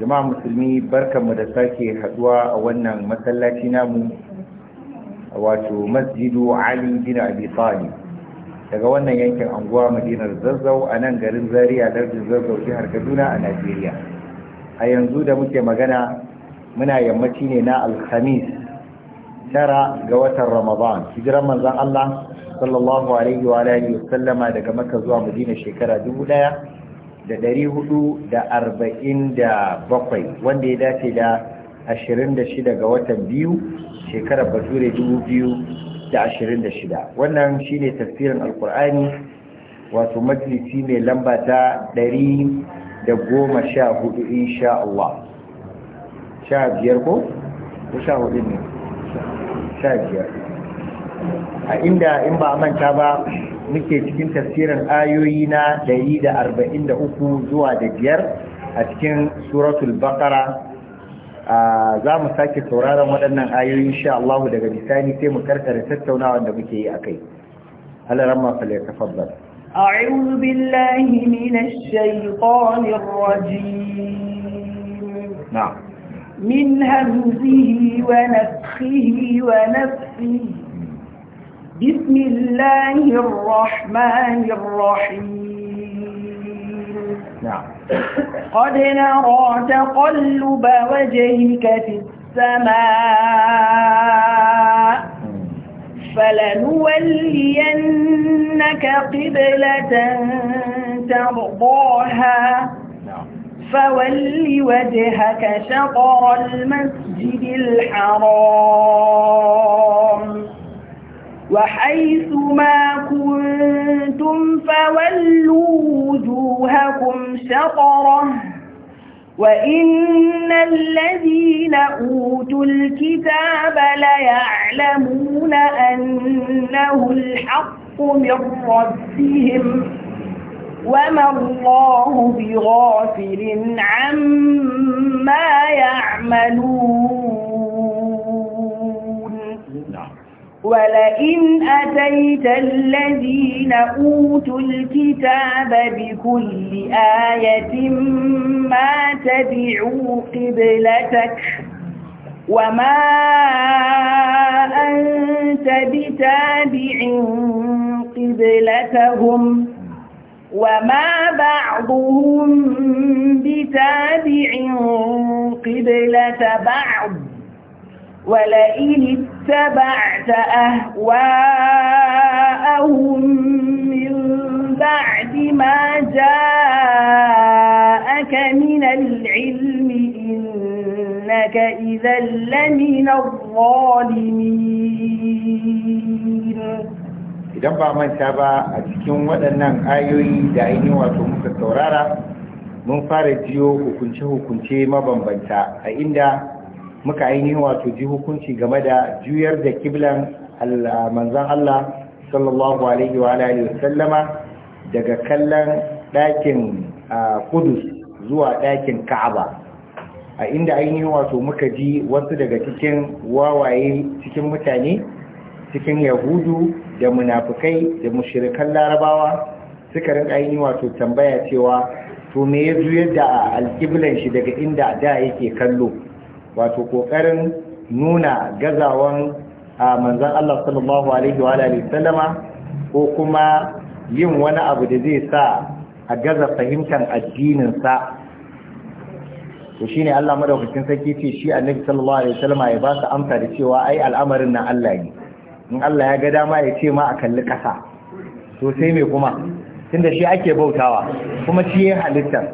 jama'a musulmi barkanmu da sake haduwa a wannan masallaci namu wato masjidu ali bin abi talib daga wannan yankin anguwa madinar zazzau a nan garin Zariya lardin zazzau jihar kaduna a najeriya a yanzu da muke magana muna yammaci ne na alhamis tara ga watan ramadan hijiran manzon allah sallallahu alaihi wa alihi sallama daga makka zuwa madina shekara dubu ɗaya. da ɗari hudu da arba'in da bakwai wanda ya dace da ashirin da shida ga watan biyu shekarar bature dubu biyu da ashirin da shida wannan shine tafsirin alkur'ani wato majalisi mai lamba ta ɗari da goma sha hudu insha Allah sha biyar ko? ko sha hudu ne sha biyar a inda in ba manta ba muke cikin tafsirin ayoyi na 143 zuwa da biyar a cikin suratul baqara za mu sake sauraron waɗannan ayoyi insha Allah daga bisani sai mu karkare tattaunawa da muke yi akai Allah ramma fa ya tafaddal أعوذ من همزه ونفخه ونفسه بسم الله الرحمن الرحيم نعم قد نرى تقلب وجهك في السماء فلنولينك قبلة ترضاها نعم. فول وجهك شطر المسجد الحرام وحيث ما كنتم فولوا وجوهكم شطره وإن الذين أوتوا الكتاب ليعلمون أنه الحق من ربهم وما الله بغافل عما يعملون ولئن أتيت الذين أوتوا الكتاب بكل آية ما تبعوا قبلتك وما أنت بتابع قبلتهم وما بعضهم بتابع قبلة بعض ولئن اتبعت أهواءهم من بعد ما جاءك من العلم إنك إذا لمن الظالمين idan ba manta ba a cikin waɗannan ayoyi da ainihin wato muka saurara mun fara jiyo hukunce-hukunce mabambanta a inda muka ainihin wato ji hukunci game da juyar da kiblan manzan Allah sallallahu alaihi wa alihi wasallama daga kallon ɗakin Kudus zuwa ɗakin Ka'aba a inda ainihin wato muka ji wasu daga cikin wawaye cikin mutane cikin yahudu da munafukai da mushirikan larabawa suka rinka ainihin wato tambaya cewa to me ya juyar da alkiblan shi daga inda da yake kallo wato kokarin nuna gazawan a manzon Allah sallallahu alaihi wa alihi sallama ko kuma yin wani abu da zai sa a gaza fahimtar addinin sa to shine Allah madaukakin sarki ce shi annabi sallallahu alaihi Salama ya ba su amsa da cewa ai al'amarin na Allah ne in Allah ya ga dama ya ce ma a kalli kasa to sai me kuma tunda shi ake bautawa kuma shi ya halitta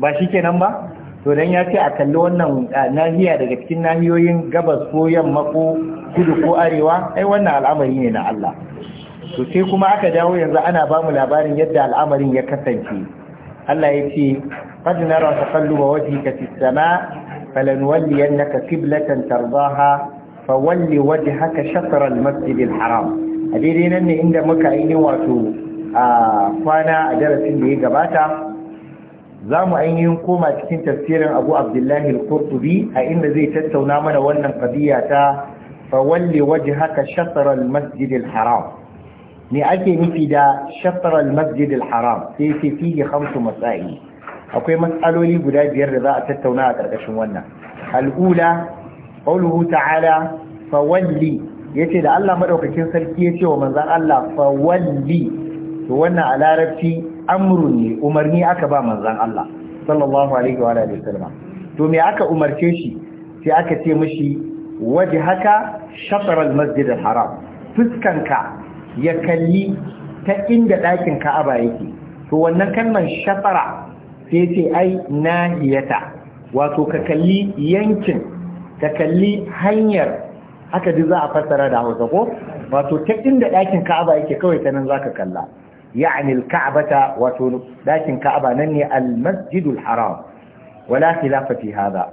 ba shi kenan ba to dan ya ce a kalli wannan nahiya daga cikin nahiyoyin gabas ko yamma ko kudu ko arewa ai wannan al'amari ne na Allah to sai kuma aka dawo yanzu ana ba mu labarin yadda al'amarin ya kasance Allah ya ce qad nara taqalluba wajhika fis sama falanwalliyannaka qiblatan tardaha fawalli wajhaka shatr al-masjid al-haram a daidai nan ne inda muka yi wato a kwana a darasin da ya gabata za mu ainihin koma cikin tafsirin abu abdullahi al-qurtubi a inda zai tattauna mana wannan qadiya ta fawalli waje haka al-masjid al-haram ne ake nufi da shatr masjid al-haram sai sai fihi khamsu masail akwai matsaloli guda biyar da za a tattauna a ƙarƙashin wannan alula ula ta'ala fawalli yace da Allah maɗaukakin sarki yace wa manzan Allah fawalli to wannan a larabci amru ne umarni aka ba manzan Allah sallallahu alaihi wa alihi wasallam to me aka umarce shi sai aka ce mishi waje haka shatr al-masjid al-haram fuskanka ya kalli ta inda ɗakin Ka'aba yake to wannan kalman shafara sai ce ai nahiyata wato ka kalli yankin ka kalli hanyar haka duk za a fassara da Hausa ko wato ta inda ɗakin Ka'aba yake kawai ta nan zaka kalla يعني الكعبة وتون لكن كعبة نني المسجد الحرام ولا خلاف في هذا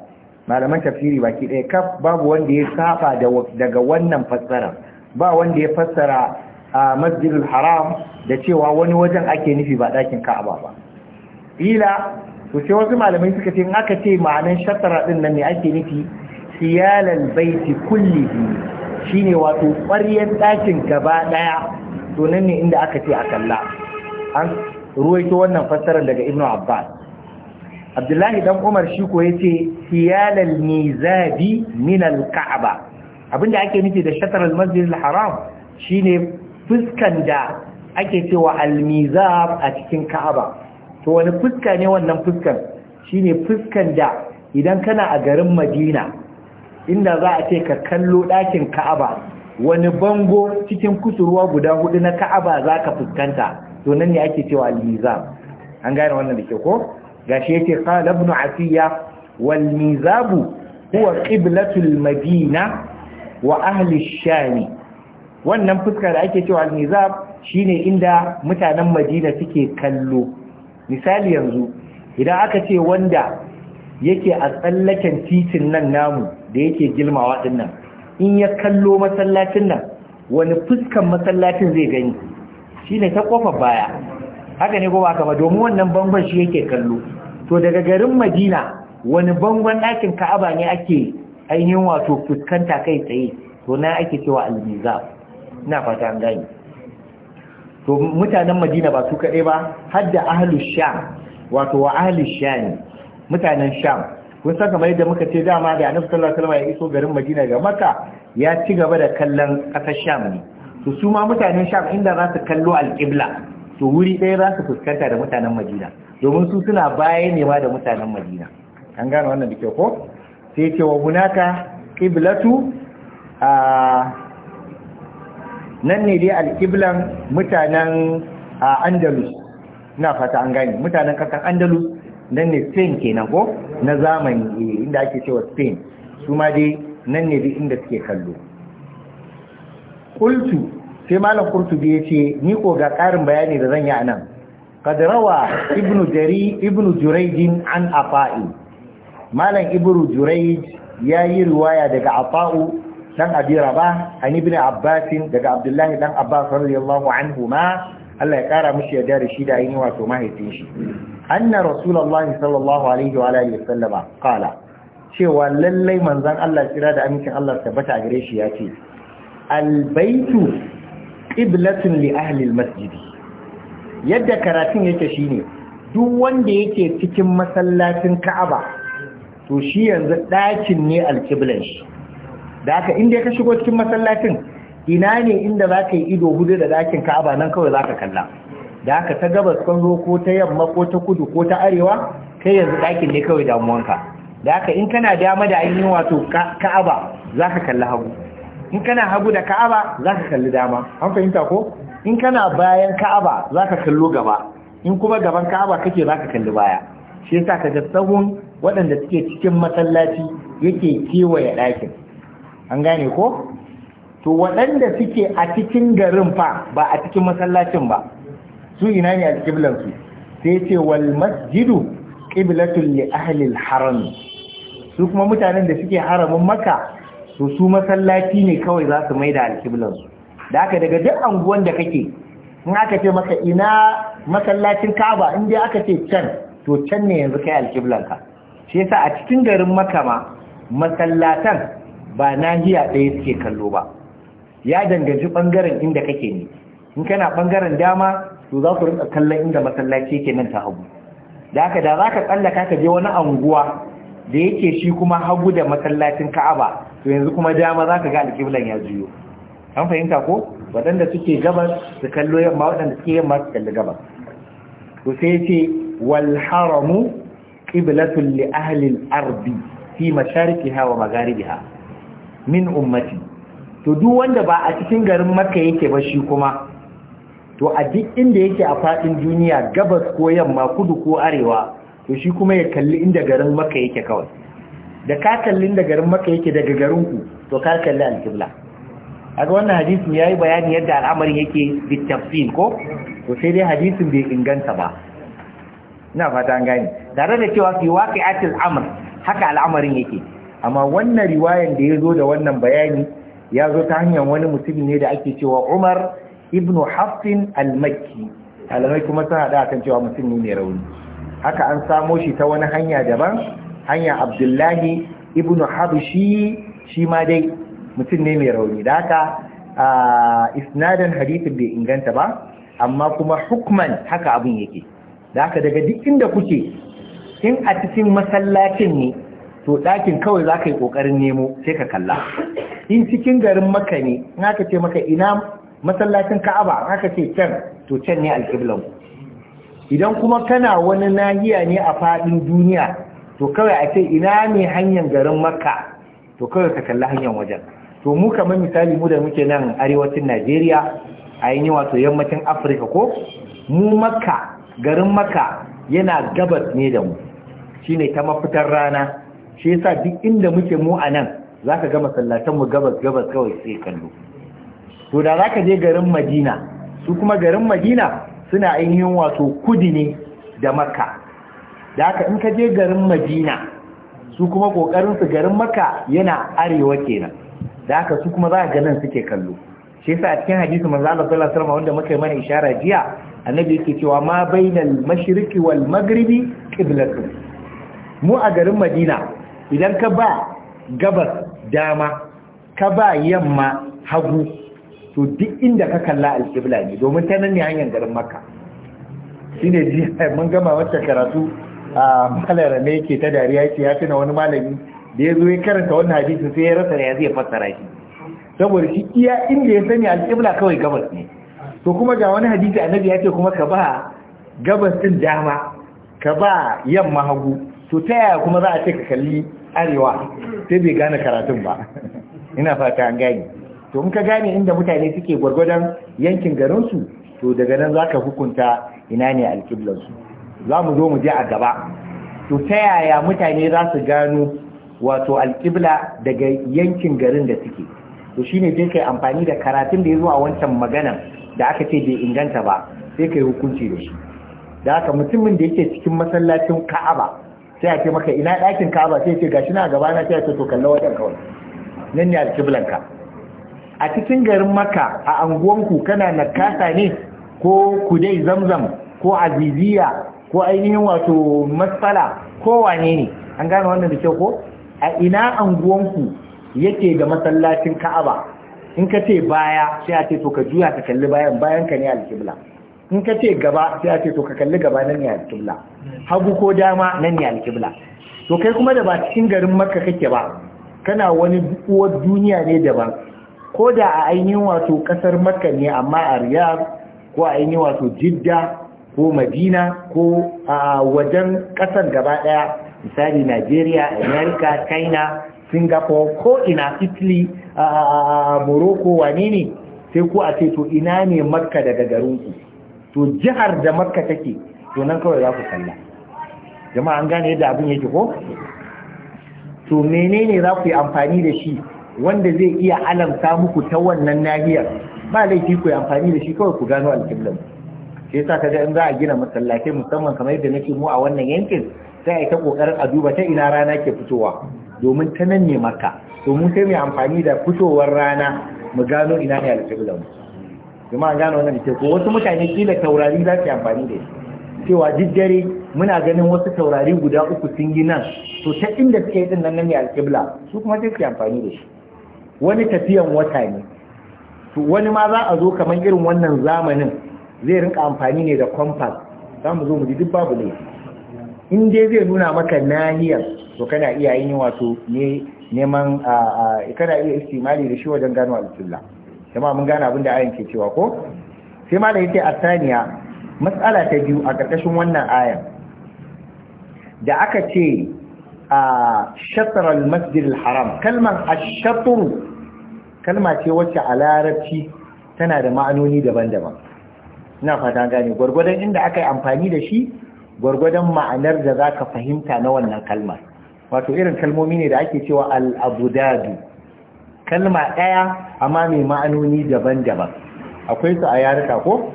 ما لم تفسيري باكي إيه كف باب وندي كعبة دقا ونن فسرا با وندي فسر مسجد الحرام da cewa wani wajen ake nufi ba ɗakin ka'aba ba ila to sai wasu malamai suka ce in aka ce ma'anan shatara din nan ne ake nufi siyalal baiti kullihi shine wato ƙwaryar ɗakin gaba ɗaya to ne inda aka ce a kalla an ruwaito wannan fassarar daga ibnu abbas abdullahi dan umar shi ko yace hiyalal mizabi min al-Ka'aba. abinda ake nufi da shatar al haram shine fuskan da ake cewa almizab a cikin ka'aba to wani fuska ne wannan fuskan shine fuskan da idan kana a garin madina inda za a ce ka kallo dakin ka'aba wani bango cikin kusurwa guda hudu na ka'aba za ka fuskanta to nan ne ake cewa al-mizab an gane wannan da ke ko gashi yace qala ibn asiya wal mizabu huwa qiblatul madina wa ahli wannan fuska da ake cewa al-mizab shine inda mutanen madina suke kallo misali yanzu idan aka ce wanda yake a tsallaken titin nan namu da yake gilmawa dinnan in ya kallo masallacin nan wani fuskan masallacin zai gani shi ne ta kofa baya haka ne kuma haka ba domin wannan bangon shi yake kallo to daga garin madina wani bangon ɗakin ka'aba ne ake ainihin wato fuskanta kai tsaye to na ake cewa almiza ina fata an gani to mutanen madina ba su kaɗai ba har da ahlus sham wato wa ahlus sham mutanen sham kun san kamar yadda muka ce dama da annabi sallallahu alaihi wasallam ya iso garin Madina ga Makka ya ci gaba da kallon kasar Sham ne to su ma mutanen Sham inda za su kallo al-Qibla to wuri ɗaya za su fuskanta da mutanen Madina domin su suna bayan ne ma da mutanen Madina an gano wannan da kyau ko sai ce wa hunaka qiblatu a nan ne dai al-qiblan mutanen Andalus ina fata an gane mutanen kasar Andalus nan ne spain kenan ko na zamani eh, inda ake cewa spain su ma dai nan ne duk inda suke kallo kultu sai malam bi ya ce ni ko ga karin bayani da zan yi anan nan ibnu jari Ibnu جري an afa'i malam عطاء مالن ya yi yayi riwaya daga Afa'u dan Abi Rabah an ibn Abbas daga Abdullah dan Abbas radiyallahu ma Allah ya kara mishi ya da shi da ainihi wato mahaifin shi anna rasulullahi sallallahu alaihi wa alihi qala cewa lallai manzon Allah kira da amincin Allah tabbata gare shi ya ce albaitu qiblatun li ahli almasjid yadda karatun yake shine duk wanda yake cikin masallacin Ka'aba to shi yanzu ɗakin ne alkiblan shi da haka inda ka shigo cikin masallacin ina ne inda za ka yi ido hudu da ɗakin ka'aba nan kawai za ka kalla da aka ta gabas kan zo ko ta yamma ko ta kudu ko ta arewa kai yanzu ɗakin ne kawai damuwanka da aka in kana dama da ainihin wato ka'aba za ka kalli hagu in kana hagu da ka'aba za ka kalli dama an fahimta ko in kana bayan ka'aba za ka kallo gaba in kuma gaban ka'aba kake za ka kalli baya shi yasa ka ga waɗanda suke cikin masallaci yake kewaye ɗakin an gane ko to waɗanda suke a cikin garin fa ba a cikin masallacin ba su ina ne alƙiblan su sai ce wal masjidu qiblatul li ahli al-haram su kuma mutanen da suke haramin maka su su masallaci ne kawai za su maida alƙiblan su da aka daga duk anguwan da kake in aka ce maka ina masallacin Ka'aba in dai aka ce can to can ne yanzu kai alƙiblan ka shi yasa a cikin garin Makka ma masallatan ba nahiya ɗaya suke kallo ba ya danganci ɓangaren inda kake ne in kana ɓangaren dama to za ku rinka kallon inda masallaci yake nan ta hagu da haka da za ka tsallaka ka je wani anguwa da yake shi kuma hagu da masallacin ka'aba to yanzu kuma dama za ka ga alƙiblan ya juyo an fahimta ko waɗanda suke gabas su kallo yamma waɗanda suke yamma su kalli gabas to sai ce wal haramu qiblatun li ahli al-ardi fi masharikiha wa magharibiha min ummati to duk wanda ba a cikin garin makka yake ba shi kuma to a duk inda yake a faɗin duniya gabas ko yamma kudu ko arewa to shi kuma ya kalli inda garin maka yake kawai da ka kalli inda garin maka yake daga garinku to ka kalli alkibla ga wannan ya yi bayani yadda al'amarin yake bitafsil ko to sai dai hadisin bai inganta ba ina fata an gane tare da cewa fi waqi'atil amr haka al'amarin yake amma wannan riwayan da ya zo da wannan bayani ya zo ta hanyar wani mutum ne da ake cewa Umar ibnu hafsin al-makki alamai kuma sun hada kan cewa mutum ne mai rauni haka an samo shi ta wani hanya daban hanya abdullahi ibnu habshi shi ma dai mutum ne mai rauni da haka isnadin hadithin bai inganta ba amma kuma hukman haka abin yake da haka daga duk inda kuke in a cikin masallacin ne to dakin kawai za ka yi ƙoƙarin nemo sai ka kalla in cikin garin maka ne in aka ce maka ina masallacin ka'aba haka ce can to can ne alƙiblan idan kuma kana wani nahiya ne a faɗin duniya to kawai a ce ina ne hanyar garin makka to kawai ka kalla hanyar wajen to mu kamar misali mu da muke nan arewacin najeriya a yi wato yammacin afirka ko mu makka garin makka yana gabas ne da mu Shi ne ta mafitar rana shi yasa duk inda muke mu a nan za ka ga masallatanmu gabas gabas kawai sai kallo to da za ka je garin madina su kuma garin madina suna ainihin wato kudi ne da makka da haka in ka je garin madina su kuma kokarin su garin makka yana arewa kenan da haka su kuma za ka ganin suke kallo shi yasa a cikin hadisi manzo Allah sallallahu alaihi wanda muka yi mana ishara jiya annabi yake cewa ma bainal mashriqi wal maghribi qiblatun mu a garin madina idan ka ba gabas dama ka ba yamma hagu to duk inda ka kalla alƙibla ne domin ta nan ne hanyar garin maka shi ne mun gama wata karatu a malara ne ke ta dariya ce ya fi na wani malami da ya zo ya karanta wannan hadisin sai ya rasa ya zai fassara shi saboda shi iya inda ya sani alƙibla kawai gabas ne to kuma ga wani hadisi annabi ya ce kuma ka ba gabas din dama ka ba yamma hagu to ta yaya kuma za a ce ka kalli arewa sai bai gane karatun ba ina fata an gane. to in ka gane inda mutane suke gwargwadon yankin garinsu to daga nan za ka hukunta ina ne alƙiblarsu za mu zo mu je a gaba to ta yaya mutane za su gano wato alƙibla daga yankin garin da suke to ne sai kai amfani da karatun da ya zo a wancan maganan da aka ce bai inganta ba sai kai hukunci da shi da haka mutumin da yake cikin masallacin ka'aba sai a ce maka ina ɗakin ka'aba sai ce gashi na gaba na sai ce to kalla wajen kawai nan ne alƙiblanka a cikin garin maka a anguwanku kana nakasa ne ko kudai zamzam ko aziziya ko ainihin wato matsala ko wane ne an gane wannan da kyau ko a ina anguwanku yake da masallacin ka'aba in ka ce baya sai a ce to ka juya ka kalli bayan bayan ka ne alkibla in ka ce gaba sai a ce to ka kalli gaba nan ne alkibla hagu ko dama nan ne alkibla to kai kuma da ba cikin garin makka kake ba kana wani uwar duniya ne daban ko da a ainihin wato kasar makka ne amma a riyar, ko a ainihin wato jidda ko madina ko a wajen kasar gaba daya misali nigeria america china singapore ko ina italy a morocco wane ne sai ko a ce to ina ne makka daga garinku to jihar da makka take to nan kawai za ku kalla jama'a an gane yadda abin yake ko to menene za ku yi amfani da shi wanda zai iya alamta muku ta wannan nahiyar ba laifi ku amfani da shi kawai ku gano alƙiblan shi yasa kaga in za a gina masallaci musamman kamar yadda nake mu a wannan yankin sai ai ta kokarin a duba ta ina rana ke fitowa domin ta nan ne maka domin sai mai amfani da fitowar rana mu gano ina ne alƙiblan mu kuma gano wannan ke ko wasu mutane kila taurari za su amfani da shi cewa diddare muna ganin wasu taurari guda uku sun yi nan to ta inda suke yi din nan ne alƙibla su kuma sai su amfani da shi wani tafiyan wata ne wani ma za a zo kamar irin wannan zamanin zai rinka amfani ne da compass za mu zo mu ji duk babu ne in dai zai nuna maka nahiyar to kana iya yin wato ne neman kana iya istimali da shi wajen gano alƙibla jama'a mun gane abin da ayan ke cewa ko sai ma da yake a saniya matsala ta biyu a ƙarƙashin wannan ayan da aka ce a shatar al-masjid haram kalmar ash-shatr kalma ce wacce a larabci tana da ma'anoni daban-daban ina fata gane gwargwadon inda aka yi amfani da shi gwargwadon ma'anar da zaka fahimta na wannan kalmar wato irin kalmomi ne da ake cewa al kalma ɗaya amma mai ma'anoni daban-daban akwai su a yaruka ko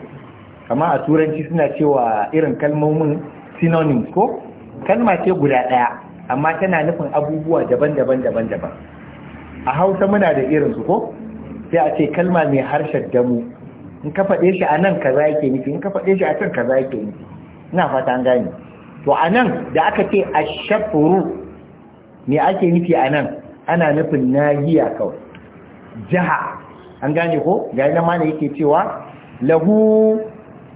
kama a turanci suna cewa irin kalmomin synonyms ko kalma ce guda ɗaya amma tana nufin abubuwa daban-daban daban-daban a hausa muna da irin su ko sai a ce kalma mai harshen damu in ka faɗe shi a nan kaza yake nufi in ka faɗe shi a can kaza yake nufi ina fata an gane to a nan da aka ce a shafuru me ake nufi a nan ana nufin nahiya kawai jiha an gane ko ga yana mana yake cewa lahu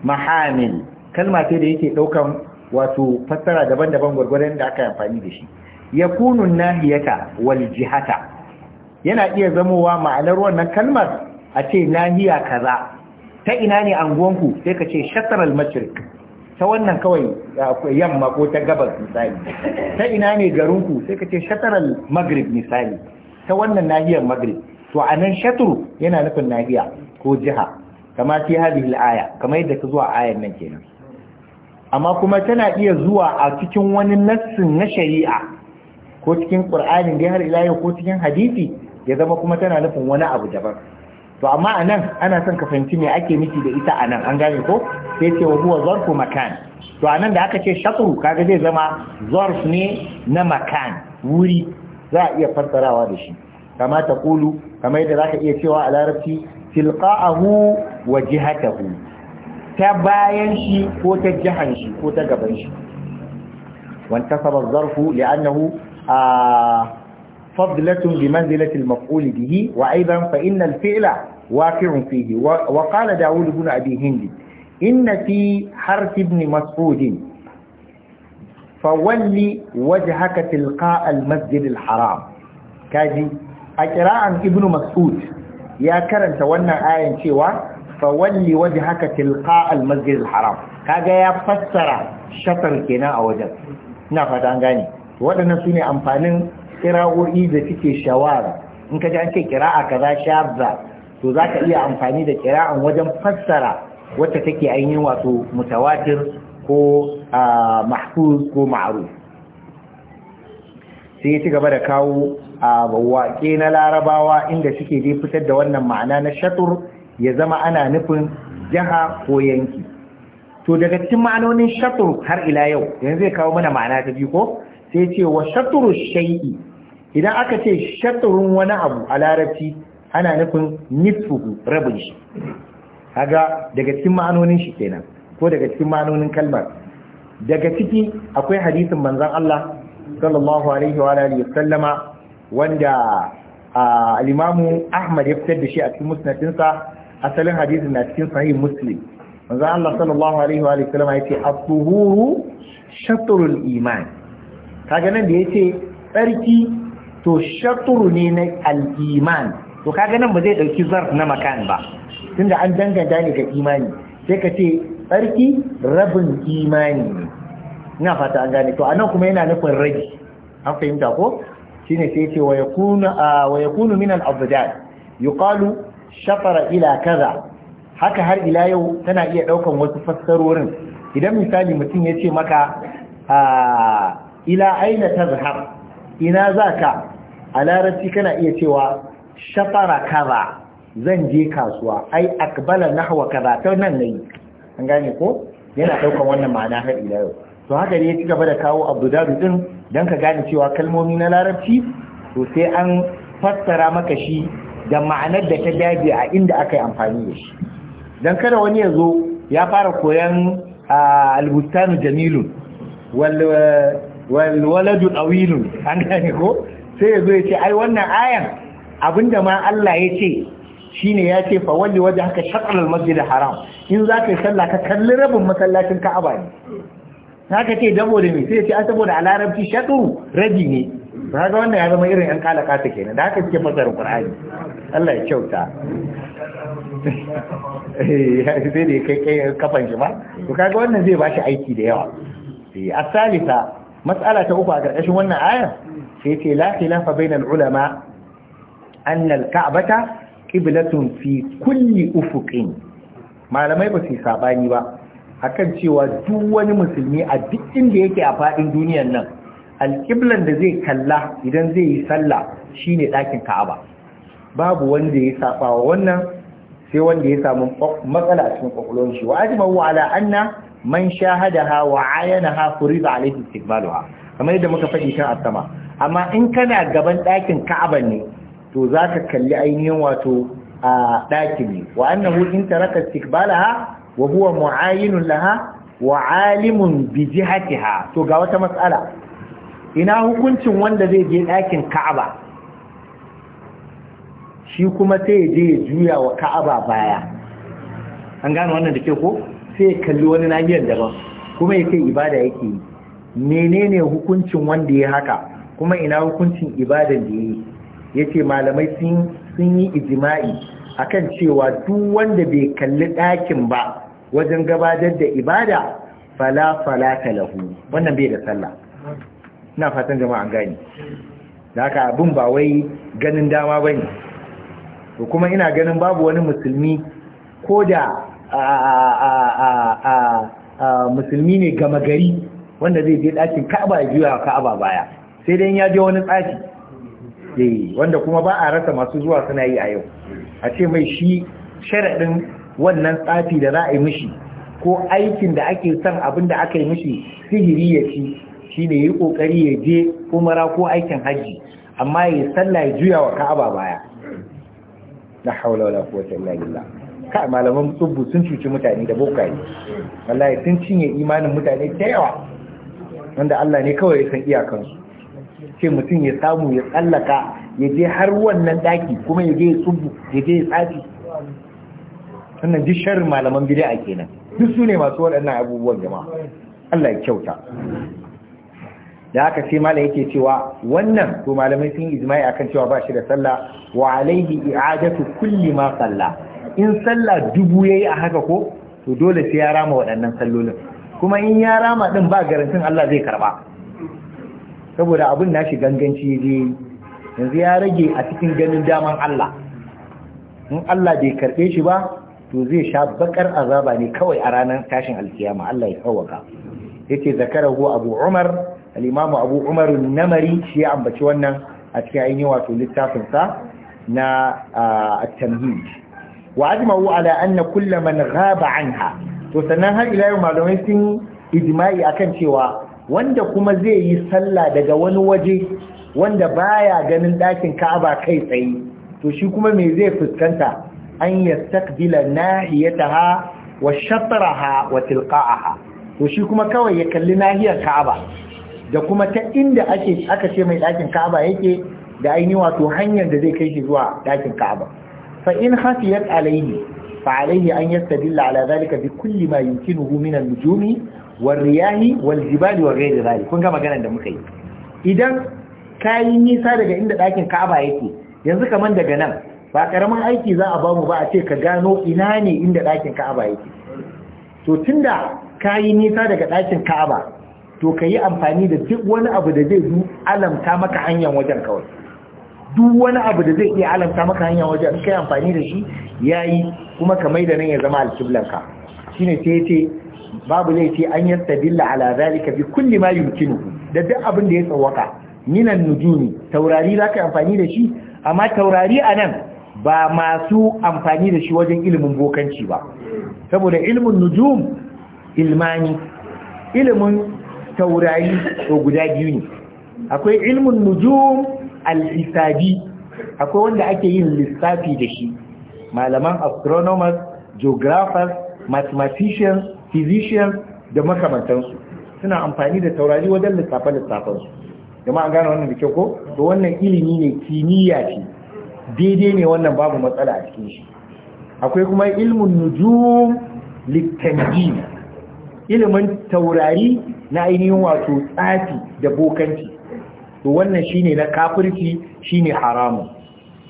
mahamil kalma ce da yake ɗaukan wato fassara daban-daban gwargwadon da aka amfani da shi yakunu nahiyata wal jihata yana iya zamowa ma'anar wannan kalmar a ce nahiya kaza ta ina ne anguwanku sai ka ce shataral matrik? ta wannan kawai yamma ko ta gabas misali ta ina ne garinku sai ka ce shataral maghrib misali ta wannan nahiyar maghrib to anan shatru yana nufin nahiya ko jiha kama fi hadhihi aya kamar yadda ka zuwa ayar nan kenan amma kuma tana iya zuwa a cikin wani nassin na shari'a ko cikin qur'anin dai har ilayen ko cikin hadisi ya zama kuma tana nufin wani abu daban to amma anan ana son ka fahimci me ake nufi da ita anan an gane ko sai ce wa huwa zarfu makan to a nan da aka ce ka kaga zai zama zarf ne na makan wuri za a iya fassarawa da shi kama ta kulu kamar yadda za ka iya cewa a larabci tilqa'ahu wa jihatahu ta bayan shi ko ta jihan shi ko ta gaban shi wanta sabar zarfu da annahu a fadlatun bi manzilatil maf'ul bihi wa aidan fa innal fi'la waqi'un fihi wa qala daud ibn abi hind inna fi harf ibn mas'ud fa walli wajhaka tilqa'a al masjid al haram kaji a qira'an ibn mas'ud ya karanta wannan ayan cewa fawalli waje haka tilka almasjid haram kaga ya fassara shatar kenan a wajen ina fata an gane waɗannan sune ne amfanin kira'o'i da suke shawara in ka ji an ce kira'a kaza shabza to za ka iya amfani da kira'an wajen fassara wacce take ainihin wato mutawatir ko mahfuz ko ma'ruf sai ci gaba da kawo a waƙe na larabawa inda suke dai fitar da wannan ma'ana na shatur ya zama ana nufin jiha ko yanki to daga cikin ma'anonin shatur har ila yau yanzu zai kawo mana ma'ana ta biyu ko sai ce wa shaturu shay'i idan aka ce shaturun wani abu a larabci ana nufin nisfuhu rabin shi kaga daga cikin ma'anonin shi kenan ko daga cikin ma'anonin kalmar daga ciki akwai hadisin manzon Allah sallallahu alaihi wa alihi sallama wanda al-Imam Ahmad ya fitar da shi a cikin musnadinsa asalin hadisi na cikin sahih muslim manzo Allah sallallahu alaihi wa sallam yace at-tuhuru shatrul iman kaga nan da yace tsarki to shatru ne na al-iman to kaga nan ba zai dauki zarf na makan ba tunda an danganta ne ga imani sai ka ce tsarki rabin imani ne ina fata an gane to anan kuma yana nufin ragi. an fahimta ko shine sai ce wa yakunu ah, wa yakunu min al-abdad yuqalu shafara ila kaza haka har ila yau tana iya daukan wasu fassarorin idan misali mutum ya ce maka a ila aina tazhar ina zaka a larabci kana iya cewa shafara kaza zan je kasuwa ai akbala nahwa kaza ta nan nayi an gane ko yana daukan wannan ma'ana har ila yau to haka ne ya ci gaba da kawo abdudadu din dan ka gane cewa kalmomi na larabci to sai an fassara maka shi da ma'anar da ta dage a inda aka yi amfani da shi don kada wani ya zo ya fara koyan albustanu jamilun waladu awilun an gane ko sai ya zo ya ce ai wannan ayan abinda ma Allah ya ce shine ya ce fa walli waje haka shakalar masjid haram in za ka yi sallah ka kalli rabin masallacin ka'aba ne haka ce dabo da me sai ya ce saboda a larabci shakaru rabi ne ba ga wannan ya zama irin yan kalaka ta kenan da haka suke fasar qur'ani Allah ya kyauta eh sai da kai kai kafan shi ba to kaga wannan zai bashi aiki da yawa eh asalisa mas'ala ta uku a karkashin wannan Aya, sai ce la khilafa bainal ulama anna al-ka'bata qiblatun fi kulli ufuqin malamai ba su sabani ba akan cewa duk wani musulmi a duk inda yake a fadin duniyar nan alƙiblan da zai kalla idan zai yi sallah shine ɗakin ka'aba babu wanda ya saba wa wannan sai wanda ya samu matsala a cikin ƙwaƙwalon shi wa ajima wa anna man ha wa ayanaha furida alayhi ha. kamar yadda muka faɗi kan asama amma in kana gaban ɗakin Ka'aba ne to za ka kalli ainihin wato a ɗakin ne wa annahu in taraka ha wa huwa mu'ayinun laha wa alimun bi jihatiha to ga wata matsala ina hukuncin wanda zai je ɗakin ka'aba shi kuma sai ya je ya juya wa ka'aba baya an gane wannan da ke ko sai ya kalli wani nahiyar daban kuma ya kai ibada yake yi menene hukuncin wanda ya haka kuma ina hukuncin ibadan da ya yi ya ce malamai sun yi ijima'i akan cewa duk wanda bai kalli ɗakin ba wajen gabatar da ibada fala fala lahu wannan bai da sallah ina fatan jama'a gani da haka abin ba wai ganin dama ba ne to kuma ina ganin babu wani musulmi ko da musulmi ne gama gari wanda zai je ɗakin ka'aba ya juya ka'aba baya sai dai ya je wani tsaki eh, wanda kuma ba a rasa masu zuwa suna yi a yau a ce mai shi sharaɗin wannan tsafi da za a yi mishi ko aikin da ake son abin da aka yi mishi sihiri ya ci Shi shine yi ƙoƙari ya je umara ko aikin hajji, amma ya sallah ya juya wa ka'aba baya na haula wala quwwata illa ka malaman tsubbu sun cuci mutane da bokaye wallahi sun cinye imanin mutane ta yawa wanda Allah ne kawai ya san iyakansu ce mutum ya samu ya tsallaka ya je har wannan daki kuma ya je ya tsubbu ya je ya tsafi wannan duk sharrin malaman bid'a kenan duk su ne masu waɗannan abubuwan jama'a Allah ya kyauta da haka sai malam yake cewa wannan to malamai sun yi ijma'i akan cewa ba shi da sallah wa alaihi i'adatu kulli ma salla in sallah dubu yayi a haka ko to dole sai ya rama waɗannan sallolin kuma in ya rama din ba garantin Allah zai karba saboda na nashi ganganci ne yanzu ya rage a cikin ganin daman Allah in Allah bai karbe shi ba to zai sha bakar azaba ne kawai a ranar tashin alkiyama Allah ya kawaka yake zakarahu abu umar al'imamu abu umaru namari shi ya ambaci wannan a cikin ainihin wato littafinsa na tamhid wa ajma'u ala anna kulla man ghaba anha to sannan har ila yau malamai sun ijma'i akan cewa wanda kuma zai yi sallah daga wani waje wanda baya ganin ɗakin Ka'aba kai tsaye to shi kuma me zai fuskanta an yastaqbila nahiyataha wa shatraha wa tilqa'aha to shi kuma kawai ya kalli nahiyar Ka'aba da kuma ta inda ake aka ce mai ɗakin ka'aba yake da ainihi wato hanyar da zai kai shi zuwa ɗakin ka'aba fa in hasiyat alaihi fa alaihi an yastadilla ala zalika bi kulli ma yankin min an-nujumi wal riyahi wal jibali wa ghairi zalik kun ga maganar da muka yi idan yi nisa daga inda ɗakin ka'aba yake yanzu kamar daga nan ba karamin aiki za a bamu ba a ce ka gano ina ne inda ɗakin ka'aba yake to tunda kayi nisa daga ɗakin ka'aba to ka yi amfani da duk wani abu da zai alamta maka hanyar wajen kawai duk wani abu da zai iya alamta maka hanyar wajen kai amfani da shi ya yi kuma ka mai da nan ya zama alkiblanka shi ne sai ce babu zai ce an yasta dilla ala zalika bi kulli ma yumkinu da duk abin da ya tsawaka minan nujumi taurari za ka yi amfani da shi amma taurari a nan ba masu amfani da shi wajen ilimin bokanci ba saboda ilimin nujum ilmani ilimin taurari ko guda biyu ne akwai ilmin nujum al-hisabi akwai wanda ake yin lissafi da shi malaman astronomers geographers mathematicians physicians da makamantansu suna amfani da taurari wajen lissafe-lissafensu an gane wannan da kyau ko to wannan ilimi ne kimiyya ce daidai ne wannan babu matsala a cikin shi akwai kuma ilmin nujum littanjin ilimin taurari na ainihin wato tsafi da bokanci to wannan shine na kafirci shine haramun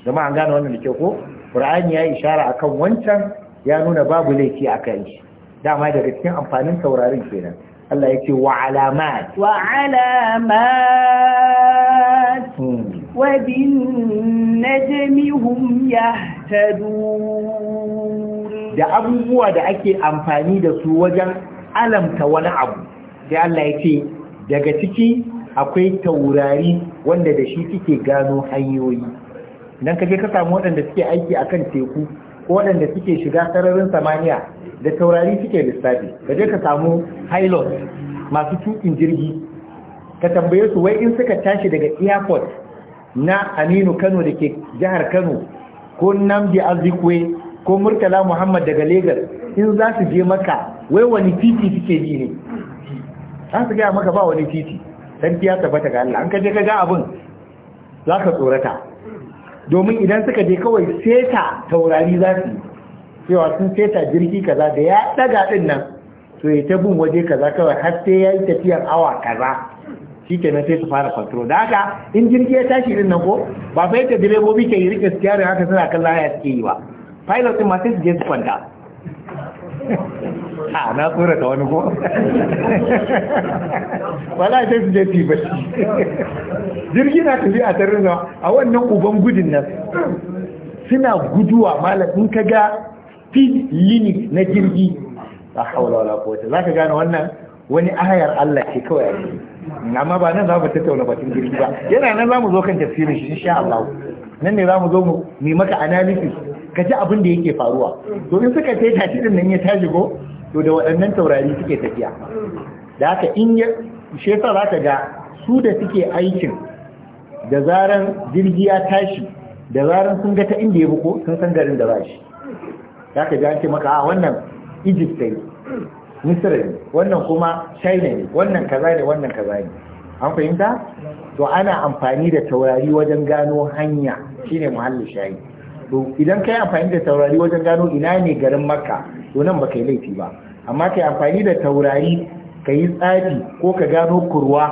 zama an gane wannan da ke ko qur'ani ya ishara a kan wancan ya nuna babu laifi kan shi dama daga cikin amfanin saurarin kenan Allah ya ce alamat wa alamat hmm. wa bin najmi da abubuwa da ake amfani da su wajen alamta wani abu sai Allah ya ce daga ciki akwai taurari wanda da shi suke gano hanyoyi nan kaje ka samu waɗanda suke aiki akan teku ko waɗanda suke shiga sararin samaniya da taurari suke lissafi kaje ka samu pilot masu tukin jirgi ka tambaye su wai in suka tashi daga airport na Aminu Kano da ke jihar Kano ko Namdi Azikwe ko Murtala Muhammad daga Lagos in za su je maka wai wani titi suke bi ne za su gaya maka ba wani titi don ya tabbata ga Allah an ka ga abin za ka tsorata domin idan suka je kawai seta taurari za su cewa sun seta jirgi kaza da ya daga din nan to ya ta bin waje kaza kawai har sai ya yi tafiyar awa kaza shi ke sai su fara control da haka in jirgi ya tashi din nan ko ba fa yadda direbobi ke yi rike siyarin haka suna kan laya suke yi ba pilot ɗin ma sai su je su kwanta a na tsura ta wani ko wala ta su je su jirgi na a tarin rinna a wannan uban gudun nan suna guduwa malam in ka ga fit limit na jirgi a haula wala kowace za ka gane wannan wani ahayar Allah ke kawai a ciki amma ba nan za mu tattauna batun jirgi ba yana nan za mu zo kan tafsirin shi insha Allah nan ne za mu zo mu yi maka analysis ka ji abin da yake faruwa Domin suka ce tashi din nan ya tashi go to da waɗannan taurari suke tafiya da haka in ya shefa za ka ga su da suke aikin da zaran jirgi ya tashi da zaran sun ga ta inda ya buko sun san garin da ba shi za ka ji an ce maka a ah, wannan egypt ne misira ne wannan kuma china ne wannan kaza ne wannan kaza ne an fahimta to ana amfani da taurari wajen gano hanya shine muhallin shayi to idan kai amfani da taurari wajen gano ina ne garin makka to nan ba yi laifi ba amma kai amfani da taurari ka yi tsari ko ka gano kurwa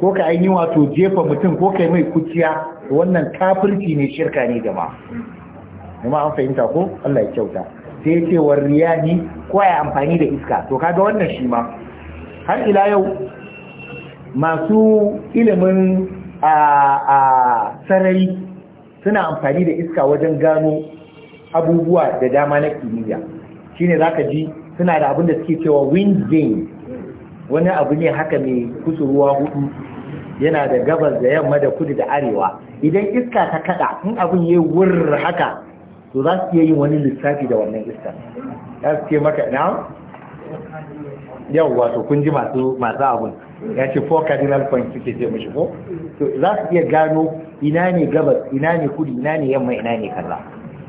ko ka aini wato jefa mutum ko kai mai kuciya wannan kafirci ne shirka ne gama kuma an fahimta ko Allah ya kyauta sai ya ce warriya riyani ko ya amfani da iska to kaga wannan shi ma har ila yau masu ilimin a sarai suna amfani da iska wajen gano abubuwa da dama na kimiyya shine zaka ji suna da abin da suke cewa wind vane wani abu ne haka mai kusurwa hudu yana da gabas da yamma da kudu da arewa idan iska ta kada in abin yayi wurr haka to za su iya yin wani lissafi da wannan iska za su ce maka na yau wato kun ji masu masu abun ya ce four cardinal points suke ce mishi ko to za su iya gano ina ne gabas ina ne kudu ina ne yamma ina ne kaza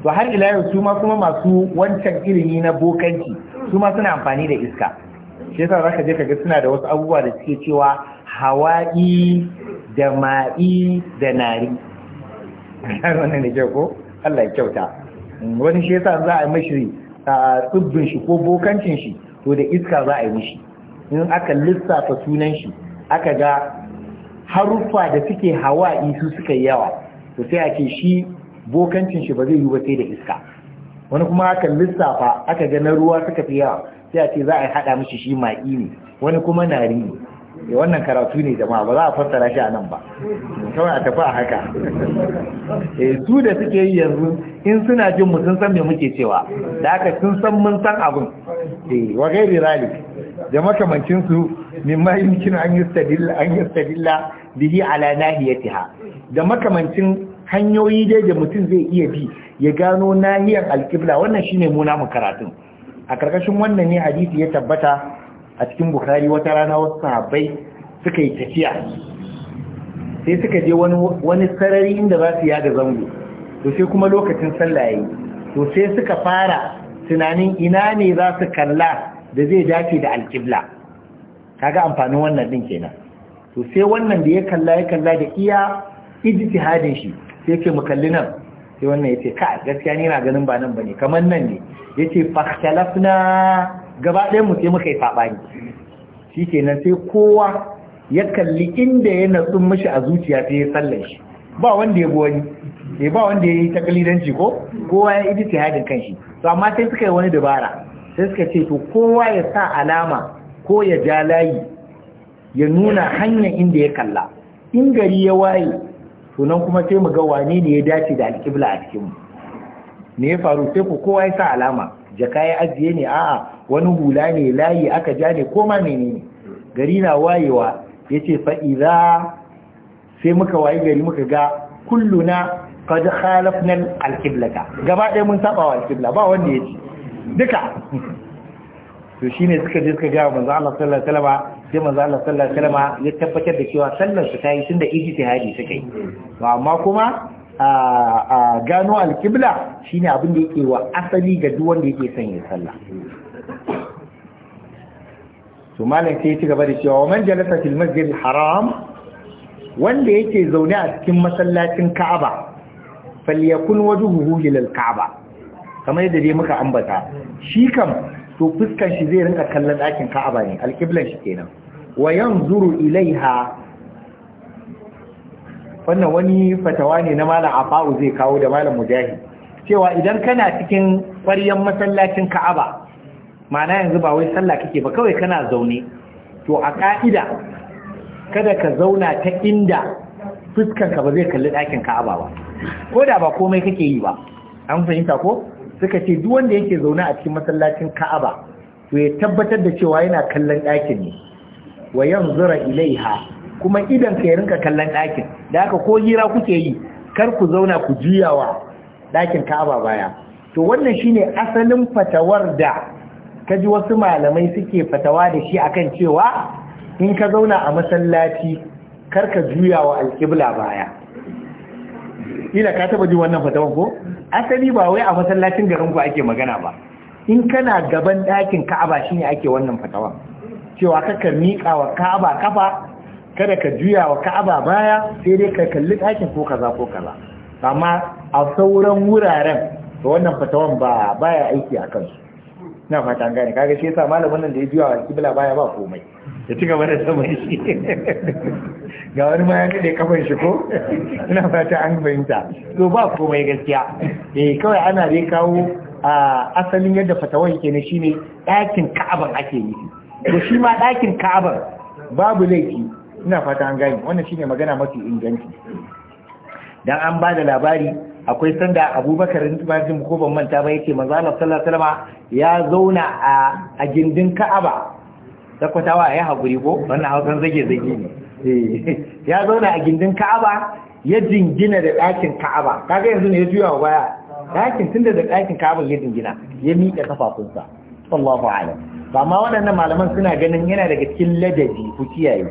to har ila yau su ma kuma masu wancan ilimi na bokanci su ma suna amfani da iska shi yasa zaka je kaga suna da wasu abubuwa da suke cewa hawa'i da ma'i da nari wannan ne ko Allah ya kyauta wani shi yasa za a yi mashi tsibbin shi ko bokancin shi to da iska za a yi mishi in aka lissafa sunan shi aka ga haruffa da suke hawa su suka yi yawa to sai a shi bokancin shi ba zai yi ba sai da iska wani kuma aka lissafa aka ga na ruwa suka fi yawa sai a ce za a haɗa mishi shi mai ne wani kuma nari ne ya eh, wannan karatu ne ma ba za a fassara shi a nan ba kawai a tafi a haka eh su da suke yi yanzu in suna jin mu sun san me muke cewa da aka sun san mun san abin eh wa gairi da makamancin su mimma yumkinu an yustadilla an yastadilla bihi ala nahiyatiha da makamancin hanyoyi dai da mutum zai iya bi ya gano nahiyar alqibla wannan shine mu namu karatun a karkashin wannan ne hadisi ya tabbata a cikin bukhari wata rana wasu sahabbai suka yi tafiya sai suka je wani wani sarari inda za su yada zango to sai kuma lokacin sallah yayi to sai suka fara tunanin ina ne za su kalla da zai dace da alqibla kaga amfanin wannan din kenan to sai wannan da ya kalla ya kalla da iya ijtihadin shi sai ke mu kalli nan sai wannan yace ka gaskiya ni na ganin ba nan bane kamar nan ne yace fakhtalafna gaba ɗayan mu sai muka yi sabani shikenan sai kowa ya kalli inda ya natsu mishi a zuciya sai ya sallar shi ba wanda ya bi wani eh ba wanda ya yi takalidanci ko kowa ya ijtihadin kanshi to amma sai suka yi wani dabara sai suka ce to kowa ya sa alama ko ya ja layi ya nuna hanya inda ya kalla in gari ya waye sunan kuma sai mu ga wane ne ya dace da alƙibla a cikin mu Me ya faru sai ku kowa ya sa alama jaka ya ajiye ne a'a wani hula ne layi aka ja ne koma ne ne gari na wayewa ya ce fa'iza sai muka waye gari muka ga kulluna qad khalafna al gaba ɗaya mun saba wa alƙibla, ba wanda ya ci duka to shine suka je suka ga manzo Allah sallallahu alaihi wasallam sai manzo Allah sallallahu alaihi wasallam ya tabbatar da cewa sallar su tayi tunda ijtihadi suka yi to amma kuma a gano alkibla shine abin da yake wa asali ga duk wanda yake son ya sallah to malam sai ya ci gaba da cewa wa man jalasa fil al haram wanda yake zaune a cikin masallacin Ka'aba falyakun wajhuhu lil Ka'aba kamar yadda dai muka ambata shi kam to fuskan shi zai rinka kallon ɗakin ka'aba ne alƙiblan shi kenan wa yanzuru ilaiha wannan wani fatawa ne na malam afa'u zai kawo da malam mujahid cewa idan kana cikin ƙwaryen masallacin ka'aba ma'ana yanzu ba wai sallah kake ba kawai kana zaune to a ka'ida kada ka zauna ta inda fuskanka ba zai kalli ɗakin ka'aba ba ko da ba komai kake yi ba an fahimta ko suka ce duk wanda yake zaune a cikin masallacin Ka'aba to ya tabbatar da cewa yana kallon ɗakin ne wa yanzura ilaiha kuma idan ka rinka kallon ɗakin da haka ko hira kuke yi kar ku zauna ku juyawa ɗakin Ka'aba baya to wannan shine asalin fatawar da kaji wasu malamai suke fatawa da shi akan cewa in ka zauna a masallaci kar ka juyawa alƙibla baya ila ka taba ji wannan fatawar ko asali ba wai a masallacin garin ku ake magana ba in kana gaban ɗakin ka'aba shine ake wannan fatawa cewa kaka miƙa wa ka'aba kafa kada ka juya wa ka'aba baya sai dai ka kalli ɗakin ko kaza ko kaza amma a sauran wuraren to wannan fatawan ba baya aiki a kansu na fata gane kaga shi yasa malamin nan da ya juya wa kibla baya ba komai ya ci gaba da saman shi ga wani ma ya daɗe kafan shi ko ina fata an fahimta to ba komai gaskiya eh kawai ana dai kawo a asalin yadda fatawar yake ne shine ɗakin ka'aban ake yi to shi ma ɗakin ka'aban babu laifi ina fata an gani wannan shine magana mafi inganci dan an ba da labari akwai sanda abubakar rintumajin ko ban manta ba yake manzo Allah sallallahu alaihi wasallam ya zauna a gindin ka'aba takwatawa ya haƙuri ko wannan hausan zage zage ne eh, ya zauna a gindin ka'aba ya jingina da ɗakin ka'aba kaga yanzu ne ya juya wa baya ɗakin tun da ɗakin ka'aba ya jingina ya miƙa kafafunsa wallahu a'lam ba ma waɗannan malaman suna ganin yana daga cikin ladabi ku kiyaye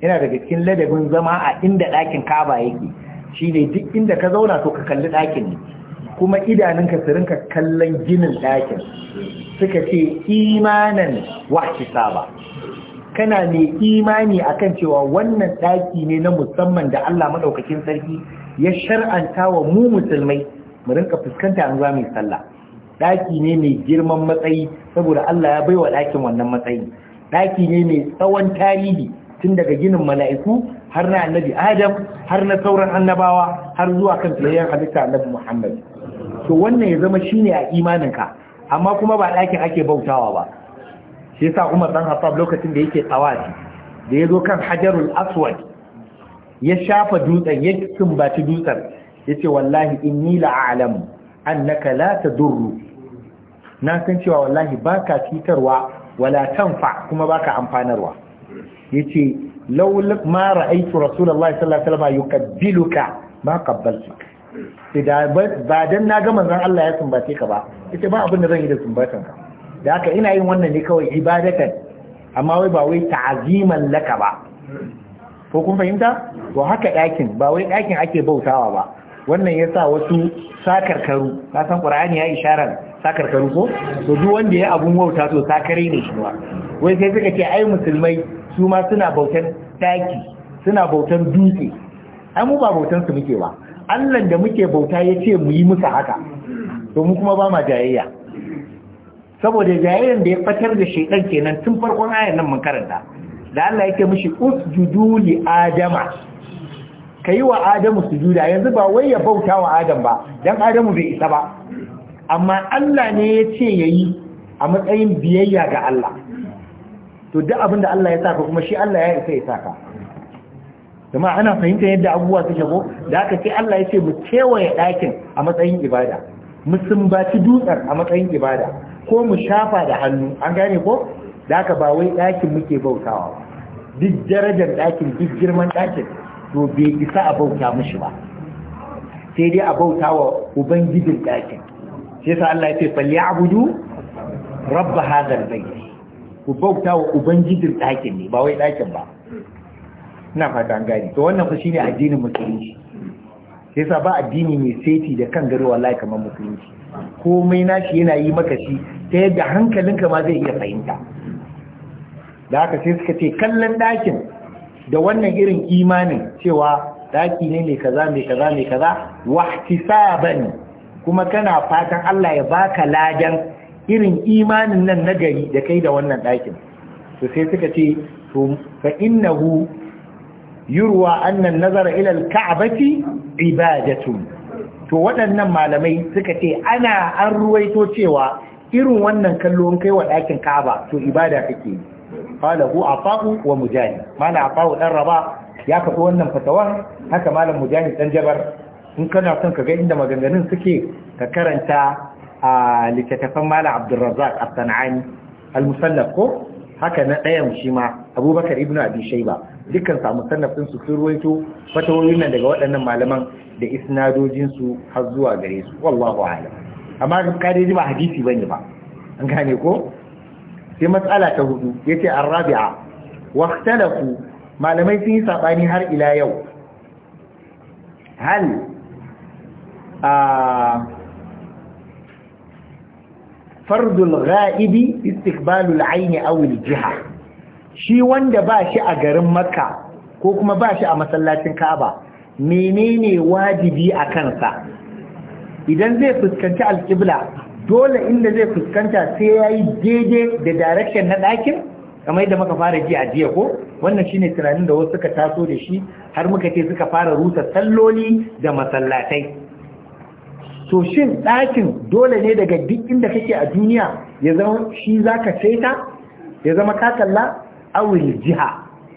yana daga cikin ladabin zama a inda ɗakin ka'aba yake shi ne duk inda ka zauna to ka kalli ɗakin ne kuma idanunka su rinka kallon ginin ɗakin suka ce imanan wahci saba kana mai imani akan cewa wannan ɗaki ne na musamman da Allah maɗaukakin sarki ya shar'anta wa mu musulmai mu rinka fuskanta an zuwa mai sallah ɗaki ne mai girman matsayi saboda Allah ya baiwa ɗakin wannan matsayi ɗaki ne mai tsawon tarihi tun daga ginin mala'iku har na annabi adam har na sauran annabawa har zuwa kan tsayayyen halitta annabi muhammad to wannan ya zama shine a imaninka amma kuma ba ɗakin ake bautawa ba shi yasa Umar dan Khattab lokacin da yake tsawa da yazo kan Hajarul Aswad ya shafa dutsen ya kumbaci dutsen yace wallahi inni la'alamu annaka la tadurru na san cewa wallahi baka cutarwa wala tanfa kuma baka amfanarwa yace law ma ra'aytu rasulullahi sallallahu alaihi wasallam yukabbiluka ma qabbaltuka ba dan na ga manzon Allah ya sumbace ka ba ita ba abin da zan yi da sumbatan ka da haka ina yin wannan ne kawai ibadatan amma wai ba wai ta'aziman laka ba ko kun fahimta to haka ɗakin ba wai ɗakin ake bautawa ba wannan yasa wasu sakarkaru ka san Qur'ani ya isharar sakarkaru ko to duk wanda ya abun wauta to sakare ne shi ba wai sai suka ce ai musulmai su ma suna bautan daki suna bautan dutse ai mu ba bautan su muke ba allan da muke bauta ya ce mu yi musa haka domin kuma ba ma jayayya saboda jayayyan da ya fatar da shaidan kenan tun farkon ayan nan mun karanta da Allah yake mishi us li adama ka yi wa adamu su sujuda yanzu ba wai ya bauta wa adam ba don adamu bai isa ba amma Allah ne ya ce ya yi a matsayin biyayya ga Allah to duk abin da Allah ya saka kuma shi Allah ya isa ya saka kuma ana fahimtar yadda abubuwa suke ko da aka ce Allah ya ce mu kewaye ɗakin a matsayin ibada mu sumbaci dutsar a matsayin ibada ko mu shafa da hannu an gane ko da aka ba wai ɗakin muke bautawa duk darajar ɗakin duk girman ɗakin to bai isa a bauta mishi ba sai dai a bauta wa ubangijin ɗakin sai sa Allah ya ce falli abudu rabba hadar bayyi ku bauta wa ubangijin ɗakin ne ba wai ɗakin ba ina fata an to wannan fa shine addinin musulunci sai sa ba addini mai saiti da kan gari wallahi kamar musulunci komai nashi yana yi maka shi ta yadda hankalinka ma zai iya fahimta da haka sai suka ce kallon ɗakin da wannan irin imanin cewa ɗaki ne mai kaza mai kaza mai kaza ihtisaban kuma kana fatan Allah ya baka ladan irin imanin nan na gari da kai da wannan ɗakin to sai suka ce to fa innahu yurwa annan nazara ila alka'bati ibadatun to waɗannan malamai suka ce ana an ruwaito cewa irin wannan kallon kai wa ɗakin ka'aba to ibada kake qala hu afa'u wa mujahid mala afa'u ɗan raba ya faɗi wannan Fatawar. haka malam Mujani dan jabar in kana son ka ga inda maganganun suke ka karanta a littattafan Malam Abdulrazak a sana'ani al-musannaf ko haka na ɗayan shi ma abubakar ibnu abi shayba dukkan su musannafin su sun ruwaito fatawoyin nan daga waɗannan malaman da isnadojin su har zuwa gare su wallahu a'lam amma ka dai ji ba hadisi bane ba an gane ko sai matsala ta hudu yace ar-rabi'a waqtalafu malamai sun yi sabani har ila yau hal a fardul ghaibi istiqbalul ayni aw al-jiha shi wanda ba shi a garin makka ko kuma ba shi a masallacin ka'aba menene wajibi a kansa idan zai fuskanci alƙibla dole inda zai fuskanta sai ya yi daidai da direction na ɗakin kamar yadda muka fara ji a jiya ko wannan shine tunanin da wasu suka taso da shi har muka ce suka fara rusa salloli da masallatai to shin ɗakin dole ne daga duk inda kake a duniya ya zama shi zaka saita ya zama ka kalla awil jiha